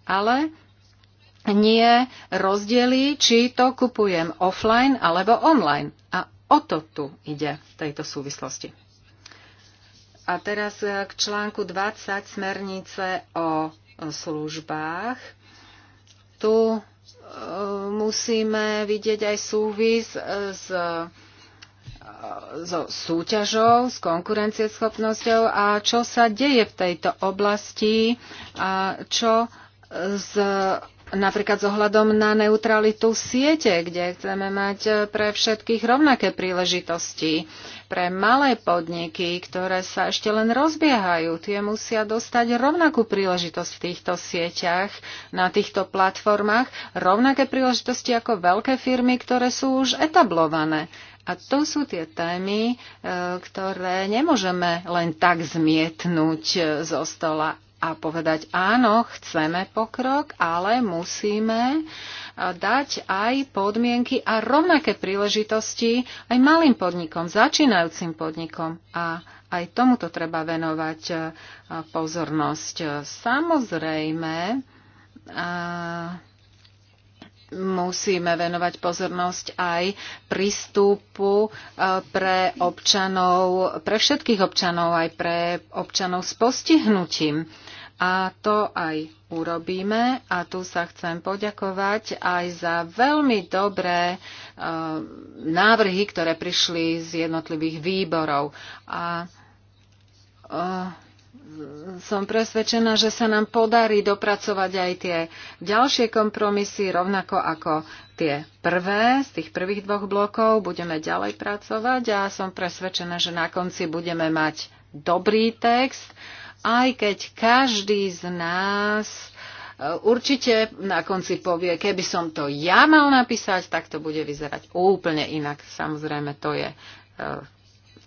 Ale nie rozdiely, či to kupujem offline alebo online. A O to tu ide v tejto súvislosti. A teraz e, k článku 20 smernice o e, službách. Tu e, musíme vidieť aj súvis s so súťažou, s konkurencieschopnosťou a čo sa deje v tejto oblasti a čo s napríklad s ohľadom na neutralitu siete, kde chceme mať e, pre všetkých rovnaké príležitosti. Pre malé podniky, ktoré sa ešte len rozbiehajú, tie musia dostať rovnakú príležitosť v týchto sieťach, na týchto platformách, rovnaké príležitosti ako veľké firmy, ktoré sú už etablované. A to sú tie témy, e, ktoré nemôžeme len tak zmietnúť e, zo stola a povedať áno, chceme pokrok, ale musíme e, dať aj podmienky a rovnaké príležitosti aj malým podnikom, začínajúcim podnikom. A aj tomuto treba venovať e, pozornosť. Samozrejme, e, musíme venovať pozornosť aj prístupu pre občanov, pre všetkých občanov, aj pre občanov s postihnutím. A to aj urobíme. A tu sa chcem poďakovať aj za veľmi dobré eh, návrhy, ktoré prišli z jednotlivých výborov. A eh, som presvedčená, že sa nám podarí dopracovať aj tie ďalšie kompromisy, rovnako ako tie prvé, z tých prvých dvoch blokov. Budeme ďalej pracovať a som presvedčená, že na konci budeme mať dobrý text aj keď každý z nás e, určite na konci povie, keby som to ja mal napísať, tak to bude vyzerať úplne inak. Samozrejme, to je e,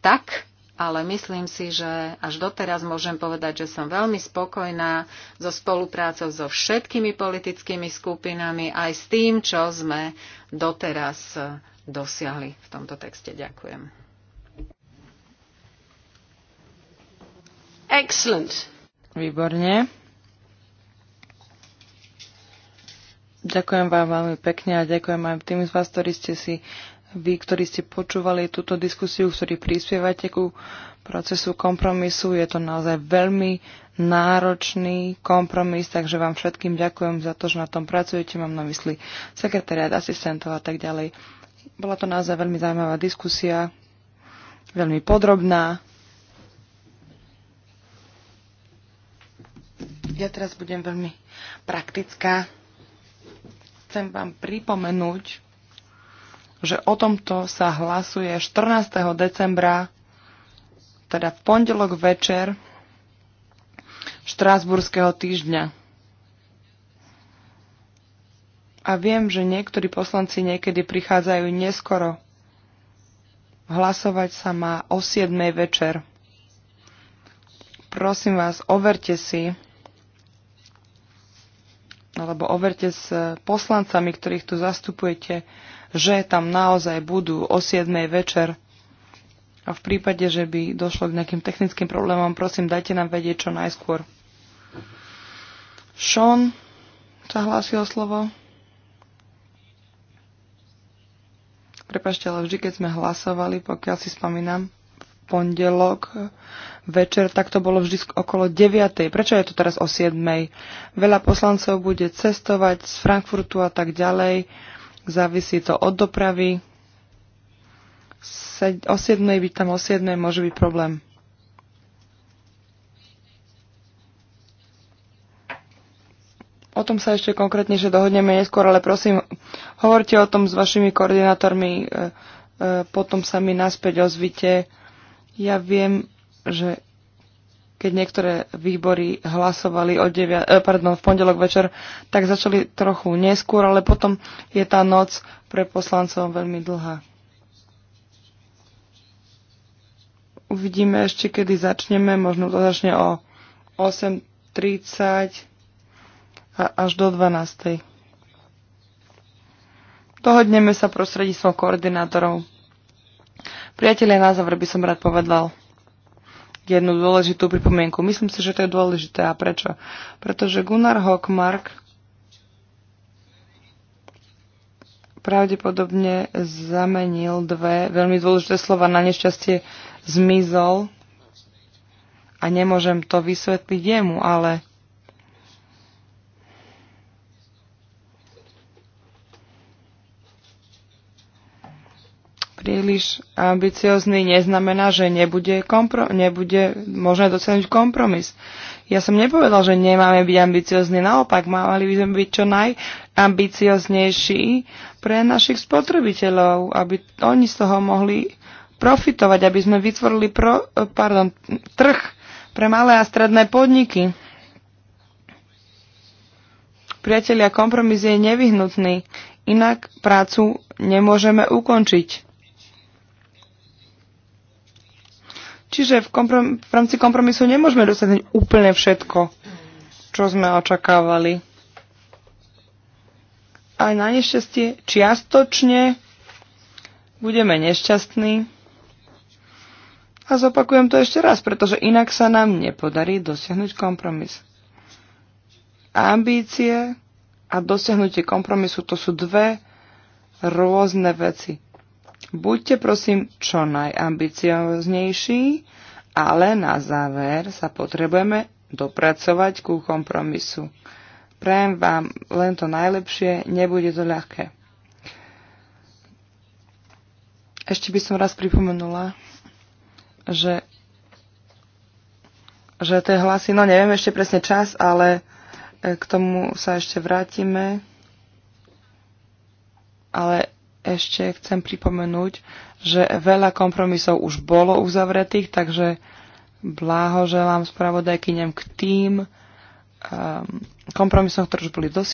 tak, ale myslím si, že až doteraz môžem povedať, že som veľmi spokojná so spoluprácou so všetkými politickými skupinami, aj s tým, čo sme doteraz e, dosiahli v tomto texte. Ďakujem. Excellent. Výborne. Ďakujem vám veľmi pekne a ďakujem aj tým z vás, ktorí ste si vy, ktorí ste počúvali túto diskusiu, ktorí prispievate ku procesu kompromisu. Je to naozaj veľmi náročný kompromis, takže vám všetkým ďakujem za to, že na tom pracujete. Mám na mysli sekretariat, asistentov a tak ďalej. Bola to naozaj veľmi zaujímavá diskusia, veľmi podrobná Ja teraz budem veľmi praktická. Chcem vám pripomenúť, že o tomto sa hlasuje 14. decembra, teda v pondelok večer Štrásburského týždňa. A viem, že niektorí poslanci niekedy prichádzajú neskoro. Hlasovať sa má o 7. večer prosím vás, overte si, alebo overte s poslancami, ktorých tu zastupujete, že tam naozaj budú o 7. večer. A v prípade, že by došlo k nejakým technickým problémom, prosím, dajte nám vedieť čo najskôr. Sean sa hlási o slovo. Prepašte, ale vždy, keď sme hlasovali, pokiaľ si spomínam, pondelok večer, tak to bolo vždy okolo 9. Prečo je to teraz o 7. Veľa poslancov bude cestovať z Frankfurtu a tak ďalej. Závisí to od dopravy. O 7. byť tam o 7. môže byť problém. O tom sa ešte konkrétnejšie dohodneme neskôr, ale prosím, hovorte o tom s vašimi koordinátormi, e, e, potom sa mi naspäť ozvite ja viem, že keď niektoré výbory hlasovali o devia, eh, pardon, v pondelok večer, tak začali trochu neskôr, ale potom je tá noc pre poslancov veľmi dlhá. Uvidíme ešte, kedy začneme. Možno to začne o 8.30 a až do 12. Dohodneme sa prostredníctvom koordinátorov. Priatelia, na záver by som rád povedal jednu dôležitú pripomienku. Myslím si, že to je dôležité. A prečo? Pretože Gunnar Hockmark pravdepodobne zamenil dve veľmi dôležité slova. Na nešťastie zmizol a nemôžem to vysvetliť jemu, ale príliš ambiciozný neznamená, že nebude, komprom- nebude možné docenúť kompromis. Ja som nepovedal, že nemáme byť ambiciozní, naopak, mali by sme byť čo najambicioznejší pre našich spotrebiteľov, aby oni z toho mohli profitovať, aby sme vytvorili pro, pardon, trh pre malé a stredné podniky. Priatelia, kompromis je nevyhnutný, inak prácu nemôžeme ukončiť. Čiže v, komprom- v rámci kompromisu nemôžeme dosiahnuť úplne všetko, čo sme očakávali. Aj na nešťastie čiastočne budeme nešťastní. A zopakujem to ešte raz, pretože inak sa nám nepodarí dosiahnuť kompromis. Ambície a dosiahnutie kompromisu to sú dve rôzne veci Buďte prosím čo najambicioznejší, ale na záver sa potrebujeme dopracovať ku kompromisu. Prajem vám len to najlepšie, nebude to ľahké. Ešte by som raz pripomenula, že, že tie hlasy, no neviem ešte presne čas, ale e, k tomu sa ešte vrátime. Ale ešte chcem pripomenúť, že veľa kompromisov už bolo uzavretých, takže blahoželám spravodajkyňam k tým um, kompromisom, ktoré už boli dosiahnuté.